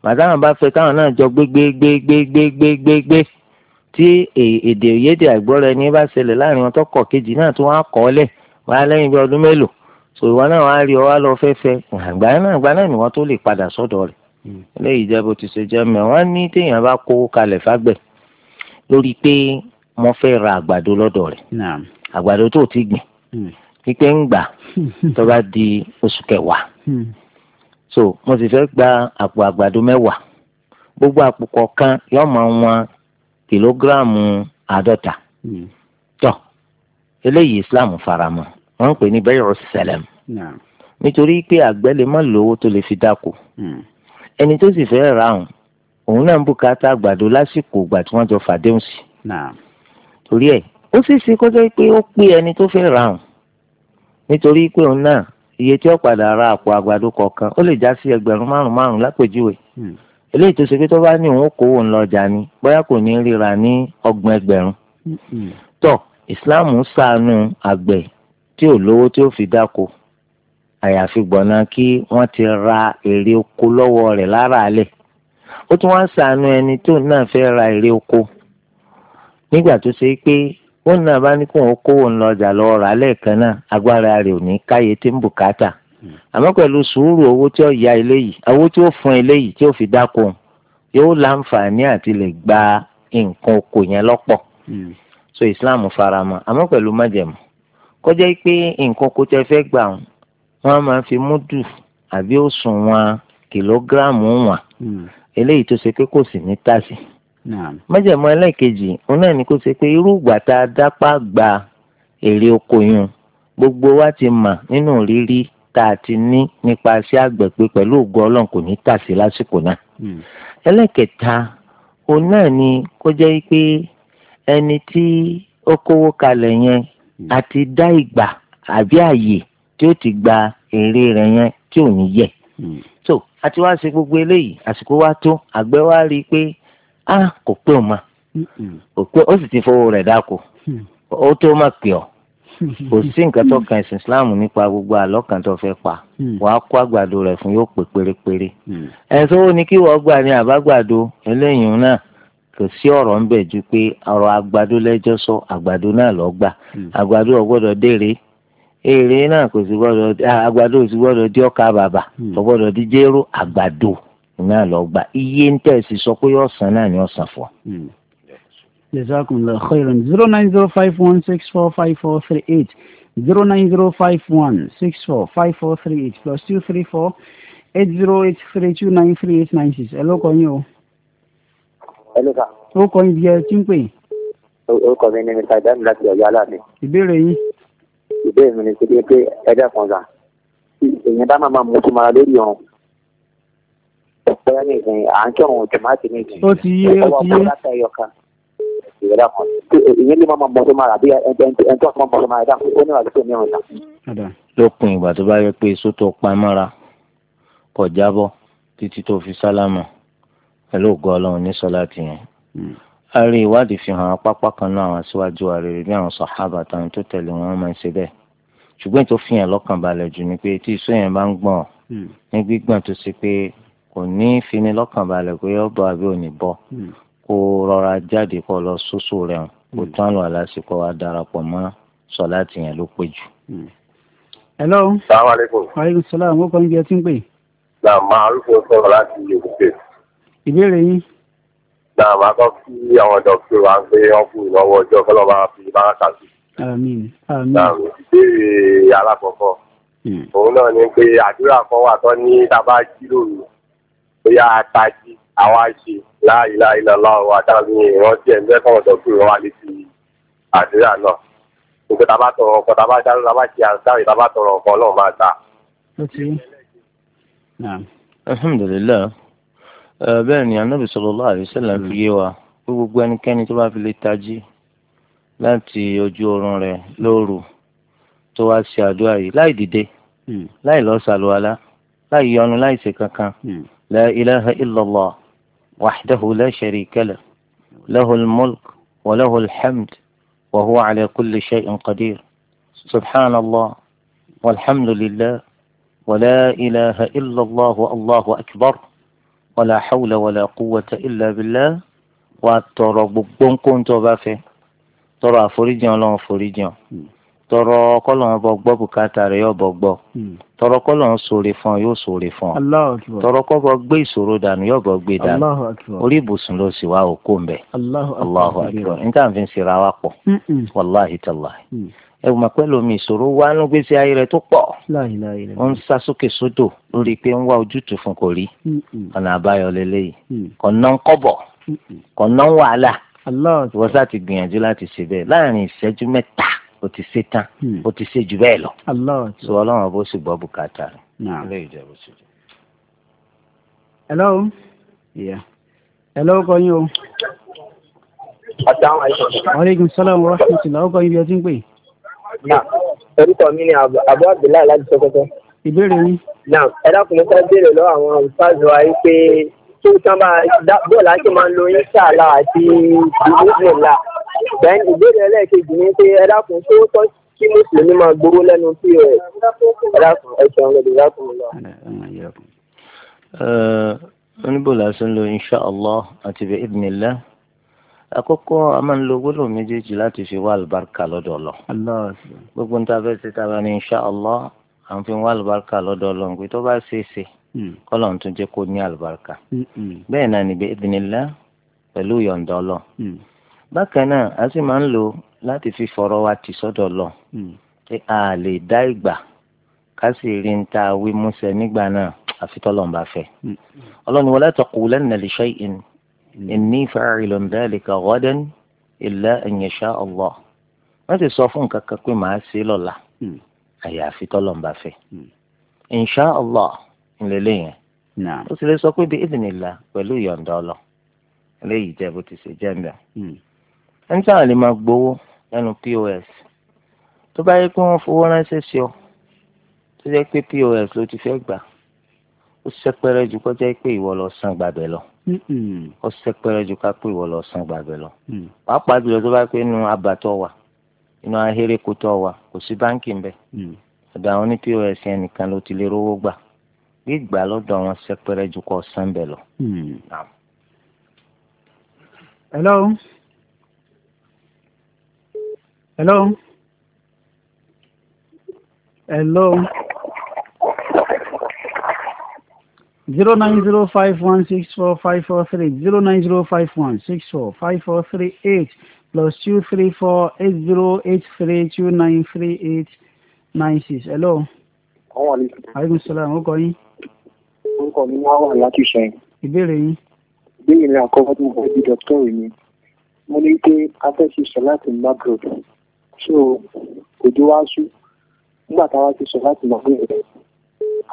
màdáwọn bá fẹ́ káwọn náà jọ gbégbégbégbégbégbé tí èdè òyédè àìgbọ́ra ẹni bá ṣẹlẹ̀ láàrin wọn tọkọ kejì náà tí wọ́n á kọ́ lẹ̀ wọ́n á lẹ́yìn bí ọdún mélòó so ìwọ náà wọ́n á rí ọ wá lọ fẹ́fẹ́ àgbà náà àgbà náà ni wọ́n tó lè padà sọ́dọ̀ rẹ̀ eléyìí jẹ́ bó ti ṣe jẹ́ mẹ́ wọ́n ní téèyàn bá kó kalẹ̀ fágbẹ̀ lórí pé mo fẹ́ ra àgbàdo lọ́dọ̀ rẹ̀ àgbàdo tó ti gbìn pípẹ́ hmm. ń gbà tó bá di oṣù kẹwàá hmm so mo sì fẹ́ gba àpò àgbàdo mẹ́wàá gbogbo àpò kọ̀ọ̀kan yóò máa wọn kìlógíráàmù àádọ́ta hmm. tọ́ eléyìí islam faramọ́ wọ́n ń pè ní bẹ́yọ̀ sẹlẹ̀m nítorí pé àgbẹ̀ lè má lówó tó lè fi dáko hmm. ẹni tó sì fẹ́ ra òun òun náà ń bùkátà àgbàdo lásìkò ìgbà tí wọ́n jọ fàdéhùn sí torí ẹ̀ ó sì ṣe kó jẹ́ pé ó pé ẹni tó fẹ́ ra òun nítorí pé òun náà iye tí ó padà ra àpò àgbàdo kọ̀ọ̀kan ó lè já sí ẹgbẹ̀rún márùn márùn lápèjúwe hmm. eléyìí tó ṣe pé tó bá ní òun kówó ńlọ ọjà ni bóyá kò ní ríra ní ọgbọ̀n ẹgbẹ̀rún tó Islam hmm, hmm. ń ṣàánú àgbẹ̀ tí ò lówó tí ó fi dáko àyàfi gbọ̀nà kí wọ́n ti ra èrè oko lọ́wọ́ rẹ̀ lára ó tún wá ń ẹni tó náà fẹ́ ra èrè oko nígbà tó ṣe pé bóun nà bá ní kóun kówó ń lọjà lọ́ọ́ rà lẹ́ẹ̀kan náà agbára rẹ̀ ò ní káyé tí ń bùkátà hmm. àmọ́ pẹ̀lú sùúrù owó tí ó ya eléyìí owó tí ó fún eléyìí tí ó fi dáko yóò láǹfààní àti lè gba nǹkan oko yẹn lọ́pọ̀ hmm. so Islam faramọ́ àmọ́ pẹ̀lú májẹ̀mú kọjá pé nǹkan oko tẹ fẹ́ gbà wọ́n máa fi múdù àbí òṣùwọ̀n kìlógíráàmù wọn hmm. eléyìí tó ṣe pé kò sì ní tàsí. májẹ̀mú ẹlẹ́ẹ̀kejì òun náà ni kó ṣe pé irú ìgbà tá a dápá gba èrè oko yun gbogbo wa ti mà nínú rírí tá a ti ní nípa iṣẹ́ àgbẹ̀ pé pẹ̀lú ògo ọlọ́run kò ní tàsí lásìkò náà. Hmm. ẹlẹ́ẹ̀kẹta òun náà ni kó jẹ́ pé ẹni tí ó kówó kalẹ̀ yẹn àti hmm. dá ìgbà àbí àyè tí ó ti gba èrè rẹ̀ yẹn tí ò ní yẹ̀. tó hmm. a wá ṣe gbogbo eléyìí àsìkò wa tó àgbẹ̀ wa rí i pé ah kò pé o ma kò pé o sì ti fowó rẹ dáko o hmm. tó má pè ọ́ hmm. kò sí nǹkan tó kan ẹ̀sìn islam nípa gbogbo àlọ́ kan tó fẹ́ pa hmm. wàá kó àgbàdo rẹ̀ fún yóò pè pérépéré ẹ̀sìn owó ni kí wọ́n gbà ní àbágbàdo eléyìí náà kò sí ọ̀rọ̀ ń bẹ̀ ju pé ọ̀rọ̀ àgbàdo lẹ́jọ́ sọ àgbàdo náà lọ́ọ́ gbà àgbàdo ò dèrè èrè náà kò sí gbọ́dọ̀ àgbàdo ò sí gbọ́dọ̀ di ọkà bàbà kò gbọ́dọ̀ di jéró àgbàdo náà lọ gbà iye ń tẹ̀ sí sọ pé yóò san náà ni yóò san fún ọ. Hmm. jazakumullahu khairan zero nine zero five one six four five four three eight zero nine zero five one six four five four three eight plus two three four eight zero eight three two nine three eight nine six ẹ ló kọ yín o. ẹ ló kà. ó kọ yín bí ẹ ń pè. orúkọ mi ni mr ibrahim láti ọ̀yọ́ aláàfin. ìbéèrè yín. ìbéèrè mi ni pé ẹ dẹ́kun gan. èèyàn bá máa mú kí mara lórí ọ̀run bóyá ní ìsìn à ń kírun jẹ̀máàtì ní ìsìn. ó ti yé ó ti yé. ìwé láti ẹyọ kan ìrẹ́lá kan ìyẹn lè má bọ́ tó máa rà bí ẹni tó máa bọ́ tó máa rà dáhùn ó ní wàá tó ní ọ̀nà. lópin ìgbà tó bá yẹ pé èso tó kò jábọ́ títí tó fi sálámà pẹ̀lú ògo ọlọ́run ní sọ́lá ti hmm. a rí ìwádìí fi hàn apápá kan náà àwọn aṣíwájú ṣùgbọ́n tó fi hàn jù ni pé tí ìṣó yẹn bá ń gbọ̀n hmm. ní gbígbọ̀n tó ṣe pé kò ní fini lọ́kàn balẹ̀ pé ó bọ̀ àbí ò ní bọ̀ hmm. kó rọra jáde kó lọ sóso rẹ̀ hàn hmm. kó tán lọ lásìkò wa darapọ̀ mọ́ sọlá tìyẹn ló pé jù. Hmm. hello. salaamaleykum. aleykum salaam wọ́n kàn ń bí ẹ ti ń pè. náà máa rúkọ sọ̀rọ̀ láti yorùbá state. ìbéèrè yín. náà máa kọ́ kí àwọn dọ́kítà wa ń gbé ọkùnrin lọ́wọ́ ọjọ́ kọ́lọ́ba fi bá kàṣù. àmín àmín. náà ìbéèrè alákọ̀ọ́kọ́. òun náà ni pé àdúrà kan wà tán ní tábà jí bóyá àtàjì àwa ṣe láìláìlọ́lá ọ̀rọ̀ àtàwọn ìrántí ẹ̀ ń bẹ́ fọ̀rọ̀ sọ fún ìrànwá létí àdúrà náà nígbà tá a bá tọrọ ọkọ tá a bá dáná tá a bá ṣe àǹsáre tá bá tọrọ ọkọ ọlọ́run máa ta. alhamdulilayi bẹ́ẹ̀ ni anabi sallallahu alaihi wasallam fi yé wa pé gbogbo ẹnikẹ́ni tó bá fi lè tají láti ojú oorun rẹ̀ lóru tó wá ṣe àdúrà yìí láì dìde hmm. láì lọ sàlùwalá láì yọnu láì ṣe kankan hmm. لا إله إلا الله وحده لا شريك له له الملك وله الحمد وهو على كل شيء قدير سبحان الله والحمد لله ولا إله إلا الله والله أكبر ولا حول ولا قوة إلا بالله وأترى ببنكم تبافي ترى فريجا لهم فريجا tọrọ kọlọ́n bọ gbọ́ bùkátà rẹ̀ yóò bọ gbọ́ hmm. tọrọ kọlọ́n sóore fún ọ yóò sóore fún ọ tọrọ kọ́bọ gbé ìṣòro dànù yóò bọ gbé dànù orí ibùsùn ló sì wá òkú ń bẹ Allahu akbar níta fi ń sira wa pọ̀ wàláhi tàláhi hmm. ẹ wò máa pẹ́ lómi ìṣòro wá ní gbèsè ayé rẹ̀ tó pọ̀ ó ń sá sókè sódò lórí pé ń wá ojútùú fún kò rí ọ̀nà àbáyọ lélẹ́yìí hmm. kọ̀ọ̀nà ń kọ́bọ̀ kọ̀ọ̀nà ń wàhálà ìwọ́sà ti gbìyànjú láti ṣe bẹ́ẹ̀ láàrin ìṣẹ́jú mẹ́ta o ti ṣe tán o hmm. ti ṣe jù bẹ́ẹ̀ lọ so ọlọ́run ọba sì gbọ́ bùkátà rẹ̀ hello yeah. hello kọ́ yín o. aleykum salaam wa rahmatulah ọkọ ibi ọtí ń pè. orúkọ mi ni abu abdullahi láti Sókótó. ìbéèrè yín. náà ẹ dákun mo fẹ́ béèrè lọ́wọ́ àwọn olùfàzọ́ wa yìí pé kí n sábà bọ́ọ̀lù àti máa ń lo inṣàlá àti ìlú ìlú Then ìbéèrè ẹlẹ́ẹ̀kejì ni pé ẹ dákun ṣé ó tọ́ kí Mùsùlùmí máa gbowó lẹ́nu POS? Ẹ dákun ẹ ṣeun lọ́dọ̀ dákun lọ. Oníbò lásán lo insha Allah àti bi idhnillah. Àkọ́kọ́ a máa ń lo gbólóhùn méjèèjì láti fi wá àlùbáríkà lọ́dọ̀ lọ. Gbogbo ń ta fẹ́ ṣe tábà ní insha Allah à ń fi wá àlùbáríkà lọ́dọ̀ Ọlọ́run pé tó bá ṣeé ṣe hmm. tún jẹ́ kó ní àlùbáríkà. Hmm, hmm. Bẹ́ẹ̀ náà ni bi idhnillah pẹ̀lú ìyọ̀ǹda bákan náà a sì máa ń lò láti fi fọ̀rọ̀ wa tì sọ́dọ̀ lọ hmm. pé a lè dá ìgbà ká sì rí ń ta wí músẹ nígbà náà àfi tọ́lọ́run bá fẹ́ hmm. ọlọ́ni wala taqulanna li shay'in hmm. inni fa'ilun dhalika ghadan illa an yasha Allah wọ́n sì sọ fún nǹkan kan pé màá ṣe lọ́la àyàfi tọ́lọ́run bá fẹ́ insha Allah ńlẹ́lẹ́ yẹn ó sì lè sọ pé bí idhnillah pẹ̀lú ìyọ̀ǹda ọlọ́ eléyìí jẹ́ bó ti ṣe jẹ́ mbẹ́ ẹni sáà lè máa gbowó lẹ́nu pos tó bá yẹ pé wọ́n fowó ránṣẹ́ sí ọ tó jẹ́ pé pos ló ti fẹ́ gbà ó sẹ́pẹ́rẹ́ ju kọjá pé ìwọ lọ san gbàbẹ̀ lọ ó sẹ́pẹ́rẹ́ ju ká pé ìwọ lọ san gbàbẹ̀ lọ wàá pàdé lọ tó bá pé inú abàtọ̀ wà inú ahérékótọ́ wà kò sí báńkì ńbẹ mm. ọ̀dọ̀ àwọn ní pos yẹn nìkan ló ti lè rówó gbà bí ìgbà lọ́dọ̀ wọn sẹ́pẹ́rẹ́ ju kọ san bẹ̀ lọ. Mm. hello hello hello zero nine zero five one six four five four three zero nine zero five one six four five four three eight plus two three four eight zero eight three two nine three eight nine six. hello. àwọn àlejò. aleykum salaam orúkọ yín. orúkọ mi wá wà láti ṣẹ́yìn. ìbéèrè yín. ìbéèrè mi àkọ́kọ́ tí mo fẹ́ bí dọ́kítọ́rì mi mo ní pé a fẹ́ ṣe sọ láti maghrib so òjò wá sú nígbà táwa ti sọ láti mọ̀ pé ìrẹ̀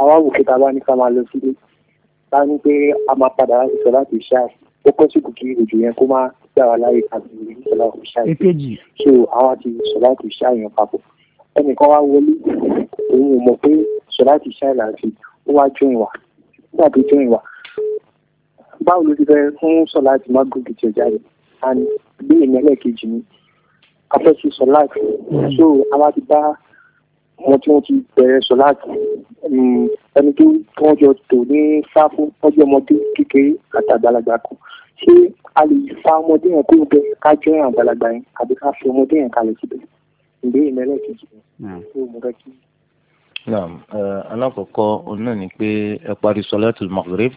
àwa wò kí táwa ní ká máa lọ sílé bá ní pé a máa padà wá sọ láti ṣá ó pẹ́ sí kùkì òjò yẹn kó má gbà wá láyé àti ìrìn láti ṣá yẹn so àwa ti sọ láti ṣá yẹn papọ̀ ẹnìkan wá wọlé òun ò mọ̀ pé sọ láti ṣá yẹn àti ó wá jó ìwà nígbà tó jó ìwà báwo ló ti fẹ́ fún sọ láti má gòkè jẹ jáde and bí ìmẹ́lẹ̀ kejì ni afẹ́ ṣe sọ̀láàtì hmm. so àwọn ti bá wọn tí wọ́n ti bẹ̀rẹ̀ sọ̀láàtì hmm, ẹni tó wọ́n jọ tò ní sáfù wọ́n ọmọdé kékeré àtàgbàlagbà kan ṣé a lè fa ọmọdé yẹn kúrò bẹ́ẹ̀ ká jẹ́ àgbàlagbà yẹn àbí ká fi ọmọdé yẹn kalẹ̀ síbẹ̀ ìbéèrè mẹ́lẹ̀ kejì tó hmm. mú rẹ́ kí. alákọ̀ọ́kọ́ òun náà ni pé ẹ parí sọ̀láàtì Maghrib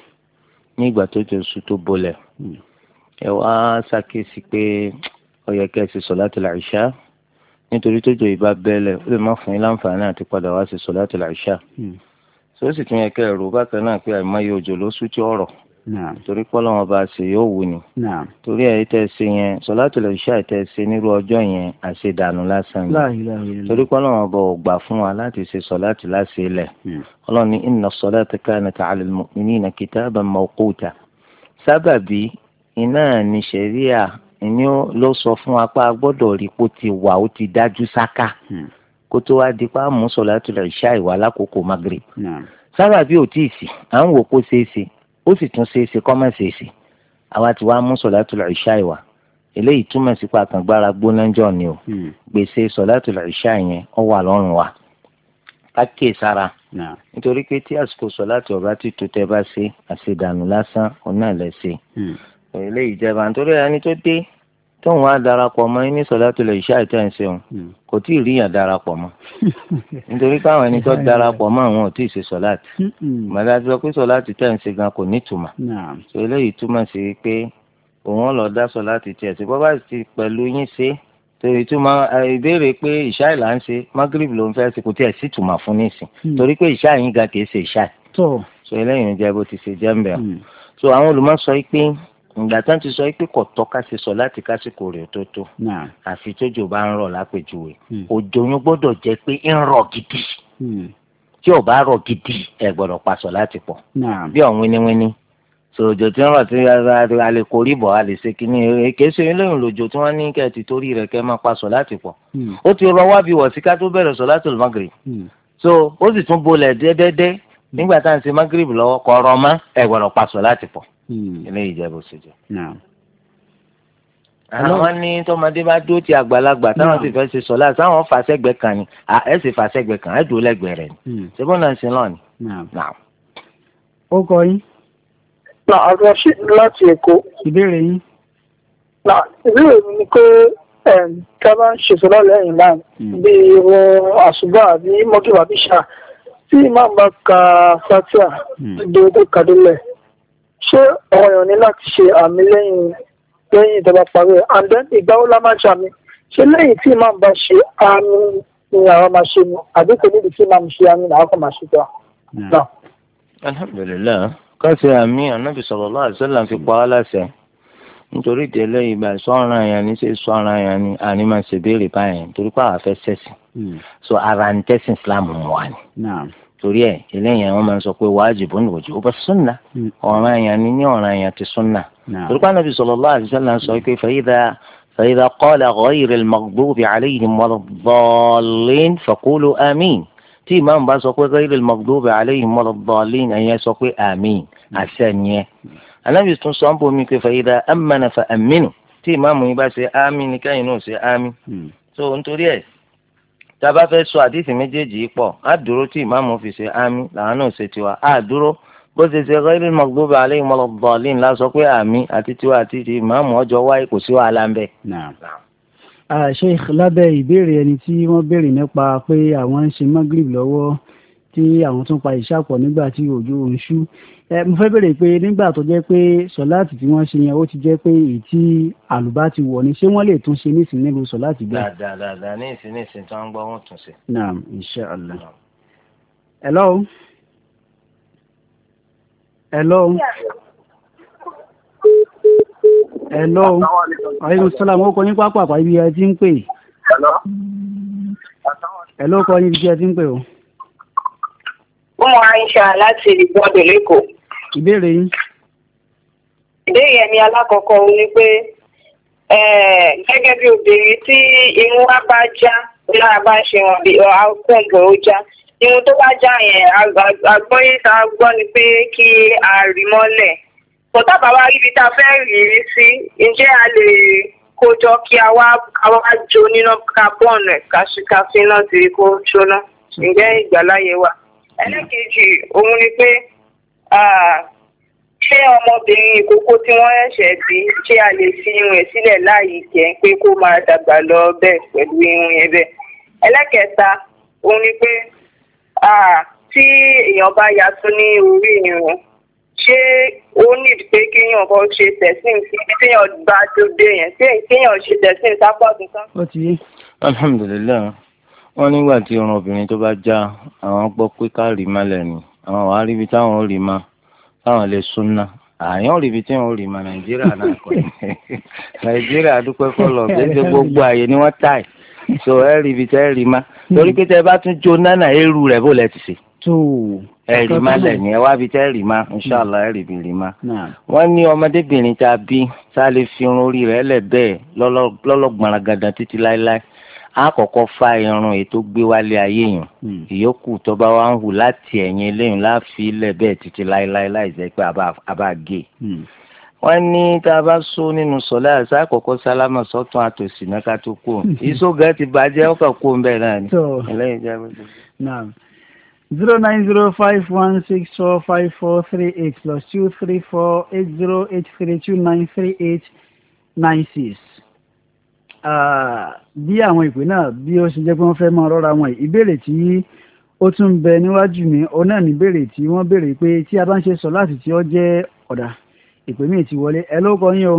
ní ìgbà tó jẹ́ oṣù tó bolẹ̀ ẹ wá ṣàkíyèsí pé ọ̀yẹ́ kẹ́ ẹ ṣe sọ̀látul ìṣá nítorí tójò ìbá bẹ́ẹ̀lẹ̀ ó lè má fún yín láǹfààní àti padà wá ṣe sọ̀látul ìṣá tó hmm. sì tún yẹ kẹ́ ẹ̀rù bákan náà pé àìmọye òjò ló sùn tí ọ̀rọ̀ torí pọ́lọ́wọ́n bá ṣe yóò wù ní. torí ẹ̀rí tẹ́ ẹ ṣe yẹn sọ̀látul ìṣá tẹ́ ẹ ṣe nírú ọjọ́ yẹn àṣedànù lásán yẹn torí pọ́lọ́wọ́n bọ̀ gbà fún wa láti ṣe sọ̀láàtì láṣẹ ilẹ̀ hmm. ọlọ́ni inna as ni ló sọ fún wa pé a gbọ́dọ̀ rí kó ti wà ó ti dájú sáká hmm. kó tó wá di pa mú sọ̀látùl ìṣáì wá lákòókò magrib hmm. sábà bí ò tíì sí à ń wò kó ṣeé ṣe ó sì tún ṣeé ṣe kọ́ mọ̀ ṣeé ṣe àwa ti wá mú sọ̀látùl ìṣáì wá eléyìí túmọ̀ sí pa kàngbára gbóná jọ ni o hmm. gbèsè sọ̀látùl ìṣáì yẹn ó wà lọ́rùn wa ká kíyè e sára nítorí pé tí àsìkò sọ̀látù ọ̀bá ti tó tẹ́ bá ṣe àṣedànù lásán ọ̀nà lẹ́sẹ̀ ilé ìjẹba nítorí ẹni tó dé tóun á darapọ̀ mọ́ ní sọ̀látù lè ṣe àìtẹ́ ẹ̀ ṣeun kò tí ì ríyàn darapọ̀ mọ́ nítorí káwọn ẹni tó hmm. darapọ̀ mọ́ àwọn ò tí ì ṣe sọ̀látù hmm. màdá ti sọ pé sọ̀látù tẹ̀ ń ṣe gan kò ní ìtumọ̀ ṣe eléyìí túmọ̀ sí pé òun lọ dá sọ̀látù tiẹ̀ tí bọ́bá ti pẹ̀lú yín ṣe torí túmọ̀ ìbéèrè pé ìṣáì là ń ṣe magrib ló ń fẹ́ ṣe kò tí ẹ̀ sì fún nísìn hmm. torí pé ìṣáì so eléyìí ń jẹ́ so àwọn olùmọ̀ sọ pé ìgbà tán ti sọ pé kò tọ́ka ṣe sọ láti kásìkò rẹ̀ tó tó àfi tójò bá ń rọ̀ lápèjúwe hmm. òjò yín gbọ́dọ̀ jẹ́ pé ń rọ̀ gidi hmm. tí ò bá rọ̀ gidi ẹ̀ gbọ́dọ̀ paṣọ láti pọ̀ bí ọ̀hún wíníwíní sòjò tí wọn ti alẹ kò rí bọ alẹ ṣe kínní èké e, ṣe lóyún lòjò tí wọn ní kẹ ti torí rẹ̀ kẹ máa pa sọ láti pọ̀ hmm. ó ti rọ wábi wọ sí ká tó bẹ̀rẹ̀ sọ láti lọmọgìrì so ó sì tún bolẹ̀ dẹdẹdẹ nígbà tá à ń ṣe mọgìrì lọ́wọ́ kọ ọ̀rọ̀ mọ ẹ gbọ́dọ̀ pa láti pọ̀. Hmm. eléyìí jẹ́ bó ṣe jẹ́. àwọn ní tọmọdé bá dúró ti àgbàlagbà táwọn sì fẹ́ ṣe sọ̀lá táwọn fà sẹ́gbẹ̀ẹ́ kan ni ẹ̀ sì fà sẹ́gbẹ̀ẹ́ kan ẹ̀ dúró lẹ́gbẹ̀ẹ́ rẹ̀ ni hmm. ṣébó náà ń sin lọ́ọ̀ni. ó kọ yín. na ọ̀rọ̀ ṣe láti èkó. ìbéèrè yín. na ìbéèrè mi ni pé tá a bá ń ṣètò lọ́lẹ̀ ẹ̀yìn náà hmm. bí irun àṣùbà àbí mọ́kìwà bíṣà tí ìmáàmù ka fatia tó dé tó ṣé ọ̀rọ̀ èèyàn ní láti ṣe àmì lẹ́yìn lẹ́yìn ìjọba parí ẹ̀ and then ìgbà wo la máa ṣe àmì ṣé lẹ́yìn tí màá bá ṣe àmì ni àwọn máa ṣe ni àbí kò níbi tí màá ṣe àmì làwọn kò máa ṣe tó a. Hmm. alhamdulilayi káṣí àmì ànábì sallallahu alaihi wasallam fi pa á láṣẹ nítorí tẹlẹ ìgbà sọ̀ràn àyàn ní ṣe sọ̀ràn àyàn ní àní máa ṣèbéèrè báyẹn torí pé àwọn afẹ́ sẹ́sìn hmm. so ara ń tẹ́sìn Islam mọ́ wa ni torí ẹ eléyìí àwọn máa ń sọ pé wajibun wujuba sunnah hmm. ọ̀ràn àyàn ni ní ọ̀ràn àyàn ti sunnah torí pé Ànábì sallallahu alaihi wasallam sọ pé fa idha fa idha qala ghayril maghdubi alaihim waladdallin faqulu amin tí ìmáàmù bá sọ pé ghayril maghdubi alaihim waladdallin ẹ̀yẹ sọ pé amin àṣẹ nìyẹn Ànábì tún sọ ń bomi pé tá a bá fẹ́ sọ àdìsí méjèèjì yìí pọ̀ á dúró tí ìmáàmù fi ṣe àmì làwọn náà ṣe tiwa á dúró bó ṣe ṣe rẹ́lí mọ̀gbọ́bà alẹ́ ìmọ̀lọ́bọ̀lì ńlá sọ pé àmì àti tiwa àti ti ìmáàmù ọjọ́ wáyé kò sí wàhálà ń bẹ̀. Sheikh lábẹ́ ìbéèrè ẹni tí wọ́n béèrè nípa pé àwọn ń ṣe magrib lọ́wọ́ tí àwọn tún pa ìṣàpọ̀ nígbà tí òjò ń ṣú ẹ mo fẹ́ bẹ̀rẹ̀ pé nígbà tó jẹ́ pé sọ̀láàtì tí wọ́n ṣe yẹn ó ti jẹ́ pé èyí tí àlùbá ti wọ̀ ni ṣé wọ́n lè tún ṣe nísìnyí nílùú sọ̀láàtì bẹ́ẹ̀. dáadáa dáadáa ní ìsìn ní ìsìn tí wọ́n ń gbọ́ wọ́n tún ṣe. naam insha allah. hello. hello. hello. aleykum salaam ó kọ ní pápákọ̀ ibi ẹ ti ń pè. hello. hello kọ ní ibi ẹ ti ń pè o. mo máa ń ṣe aláṣẹ ìgbọ́dọ̀ lẹ́kọ̀ọ́ ìbéèrè yín. ìbéèrè mi alákọ̀ọ́kọ́ o ni pé gẹ́gẹ́ bí obìnrin tí irun wa bá já lára bá ṣe wọn bí akóǹbọ̀ ó já irun tó bá já yẹn agbọ́yé tá a gbọ́ ni pé kí a rì mọ́lẹ̀ kò tábà wá rí ibi tá a fẹ́ rì í sí ǹjẹ́ a lè kójọ kí a wá jó níná carbon kàṣíkàṣí náà ti kó jóná ǹjẹ́ ìgbàláyé wà. ẹlẹ́kejì òun ni pé. Ah, ṣé ọmọbìnrin ìkókó tí wọ́n ṣẹ̀ṣẹ̀ bí ṣé a lè fi irun ẹ̀ sílẹ̀ láàyè kẹ́ ń pé kó máa dàgbà lọ bẹ́ẹ̀ pẹ̀lú irun yẹn bẹ́ẹ̀ ẹlẹ́kẹta òun ni pé ah, tí èèyàn bá yàtú ní orí irun ṣé ó ní pé kéèyàn kan ṣe tẹ̀sìn síbi téèyàn bá tó dé yẹn kéèyàn ṣe tẹ̀sìn sápọ̀ tuntun. ó ti yé alhamdulilayi wọn nígbà tí irun obìnrin tó bá já àwọn gbọ́ pé ká rí mọ́lẹ̀ ni àwọn wàá rí ibi táwọn ò rí ma táwọn lè súnná àyàn rí ibi tí wọn ò rí ma nàìjíríà náà kọ nàìjíríà dúpẹ́ fọlọ́ gbèsè gbogbo àyè ni wọ́n tà yìí so ẹ rí ibi tẹ́ ẹ rí ma torí pé tẹ́ bá tún jó nánà eérú rẹ̀ bó lẹ ti sè ẹ rí ma lẹ́ni ẹ wá ibi tẹ́ ẹ rí ma inṣàlá ẹ rí ibi rí ma. wọ́n ní ọmọdébìnrin tá a bí tá a lè fi irun orí rẹ̀ lẹ̀ bẹ́ẹ̀ lọ́lọ́gbọ̀nrán gàdán títí láéláé a kọ́kọ́ fa irun ètò gbé wálé ayé yìí hmm. ìyókù tó bá wá ń hù láti ẹ̀yìn eléyìí láàfin ilẹ̀ bẹ́ẹ̀ títí láéláé láìsẹ́ pé a bá gé e wọ́n ní tá a bá sọ nínú sọlá ẹsẹ àkọ́kọ́ sálámà sọtún àtòsí náà ká tó kó iṣó gẹ ti bàjẹ́ ọkọ kó ń bẹ náà ni. zero nine zero five one six four five four three eight plus two three four eight zero eight three two nine three eight nine six bí àwọn ìpè náà bí ó ṣe jẹ́ pé wọ́n fẹ́ máa rọ́ra wọn ìbéèrè tí ó tún ń bẹ níwájú mi òun náà ní béèrè tí wọ́n béèrè pé tí a bá ń ṣe sọ láti tí ó jẹ́ ọ̀dà ìpè míì ti wọlé ẹ ló kọ yín o.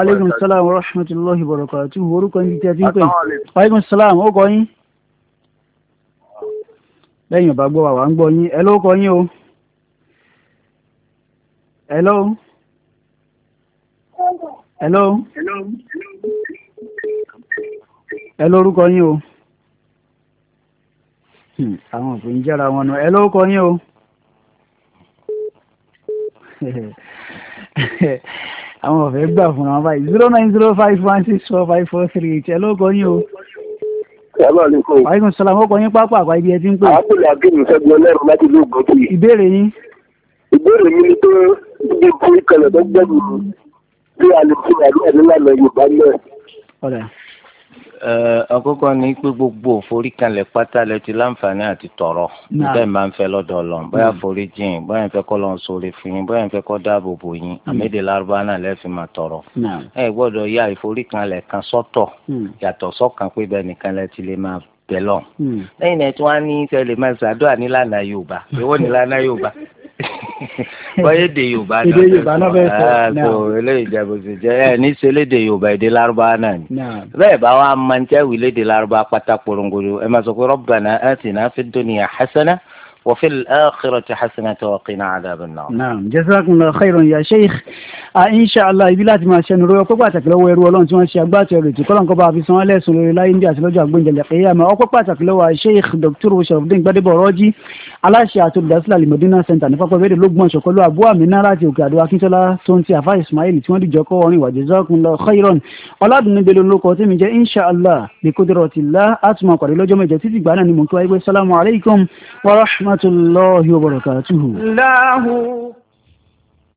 aleykum salaam wa rahmatulahi wa barakatuh orúkọ yín tí a ti ń pè aleykum salaam ó kọ yín. lẹ́yìn ọ̀bá gbọ́ wà wá ń gbọ́ yín ẹ ló kọ yín o. hello. hello? hello. ẹ lórúkọ yín o. Hmm, àwọn òfin jára wọn nù ẹ lórúkọ yín o. àwọn ọ̀fẹ́ gbà fún wọn báyìí zero nine zero five one six four five four three eight ẹ lórúkọ yín o. Ẹ̀rọ ni kò. Wàhálà sọlá wọn kọ yín pápá àpá ibi ẹ ti ń pè. Àbúrò Akéwì Ṣẹ́gun Ọlẹ́run láti ló gbọ́ sí. Ìbéèrè yín. Ìbéèrè mi ni pé ibi ìkórè kalẹ̀ tó gbẹ́rù bí a lè fún àbí ẹni lánàá yorùbá náà. àkọ́kọ́ ni pé gbogbo òforíkanlẹ̀ pátá lẹ ti láǹfààní àti tọ̀rọ̀ bẹ́ẹ̀ máa ń fẹ́ lọ́dọ̀ Ọlọ́run bóyá mm. forí jìn bóyá ń fẹ́ kọ́ lọ́n sóore fún yín bóyá ń fẹ́ kọ́ dáàbò bò yín mm. àmédè lárúbá náà lẹ́ẹ̀fi máa tọ̀rọ̀ ẹ gbọ́dọ̀ ya ìforíkanlẹ̀ kan sọ́tọ̀ mm. yàtọ̀ sọ́kan pé bẹ́ẹ̀ nìkan lẹ ti lè máa bẹ̀ lọ lẹ́yìn náà tí wọ́n á ní sẹ́lẹ̀ máa ṣàdúrà nílànà Yorùbá èwo nílànà Yorùbá bọ́yé èdè yorùbá náà èdè yorùbá náà fẹ́ sọ náà ah, kò eléyìí jẹ bó jẹ ẹ ní í ṣe yorùbá èdè lárúbáwá náà ni bẹ́ẹ̀ bá wa máa ń tẹ́wìí lédè lárúbáwá pátá porongodo ẹ máa sọ pé rọ́bànà ẹ̀ tì náà fi dúnìyà hasana. وفي الآخرة حسنة وقنا عذاب النار نعم جزاكم الله خيرا يا شيخ ان شاء الله ibi láti máa ṣẹnu rẹ ọpẹ́ pàtàkì lọ́wọ́ ẹrú Ọlọ́run tí wọ́n ṣe agbátẹrù ètò kọlọn kọba àfisàn ẹlẹsùn lórí láyé ndí àti lọ́jọ́ àgbọǹjẹlẹ kéyàmà ọpẹ́ pàtàkì lọ́wọ́ sheikh dr sharafdin gbadebo rọjí aláṣẹ àti olùdásílẹ̀ alimọdínà center ní pápá ìbéèrè lógún ọṣọkọlọ àbú àmínà láti òkè àdó akíntola tó ń ti àfa ismail tí wọ́n dìjọ kọ orin wàjẹ jazakumullahu khairan ọládùnnúgbẹlẹ olóko tí mi jẹ insha allah bí kò dọrọ ti la àtúmọ̀ àkọ́rẹ́ lọ́jọ́ mẹ́jọ títí gbà náà ni mo kí wáyé pé sálámù alaykum wa rahmat rahmatullahi wa barakatuhu. láhùn.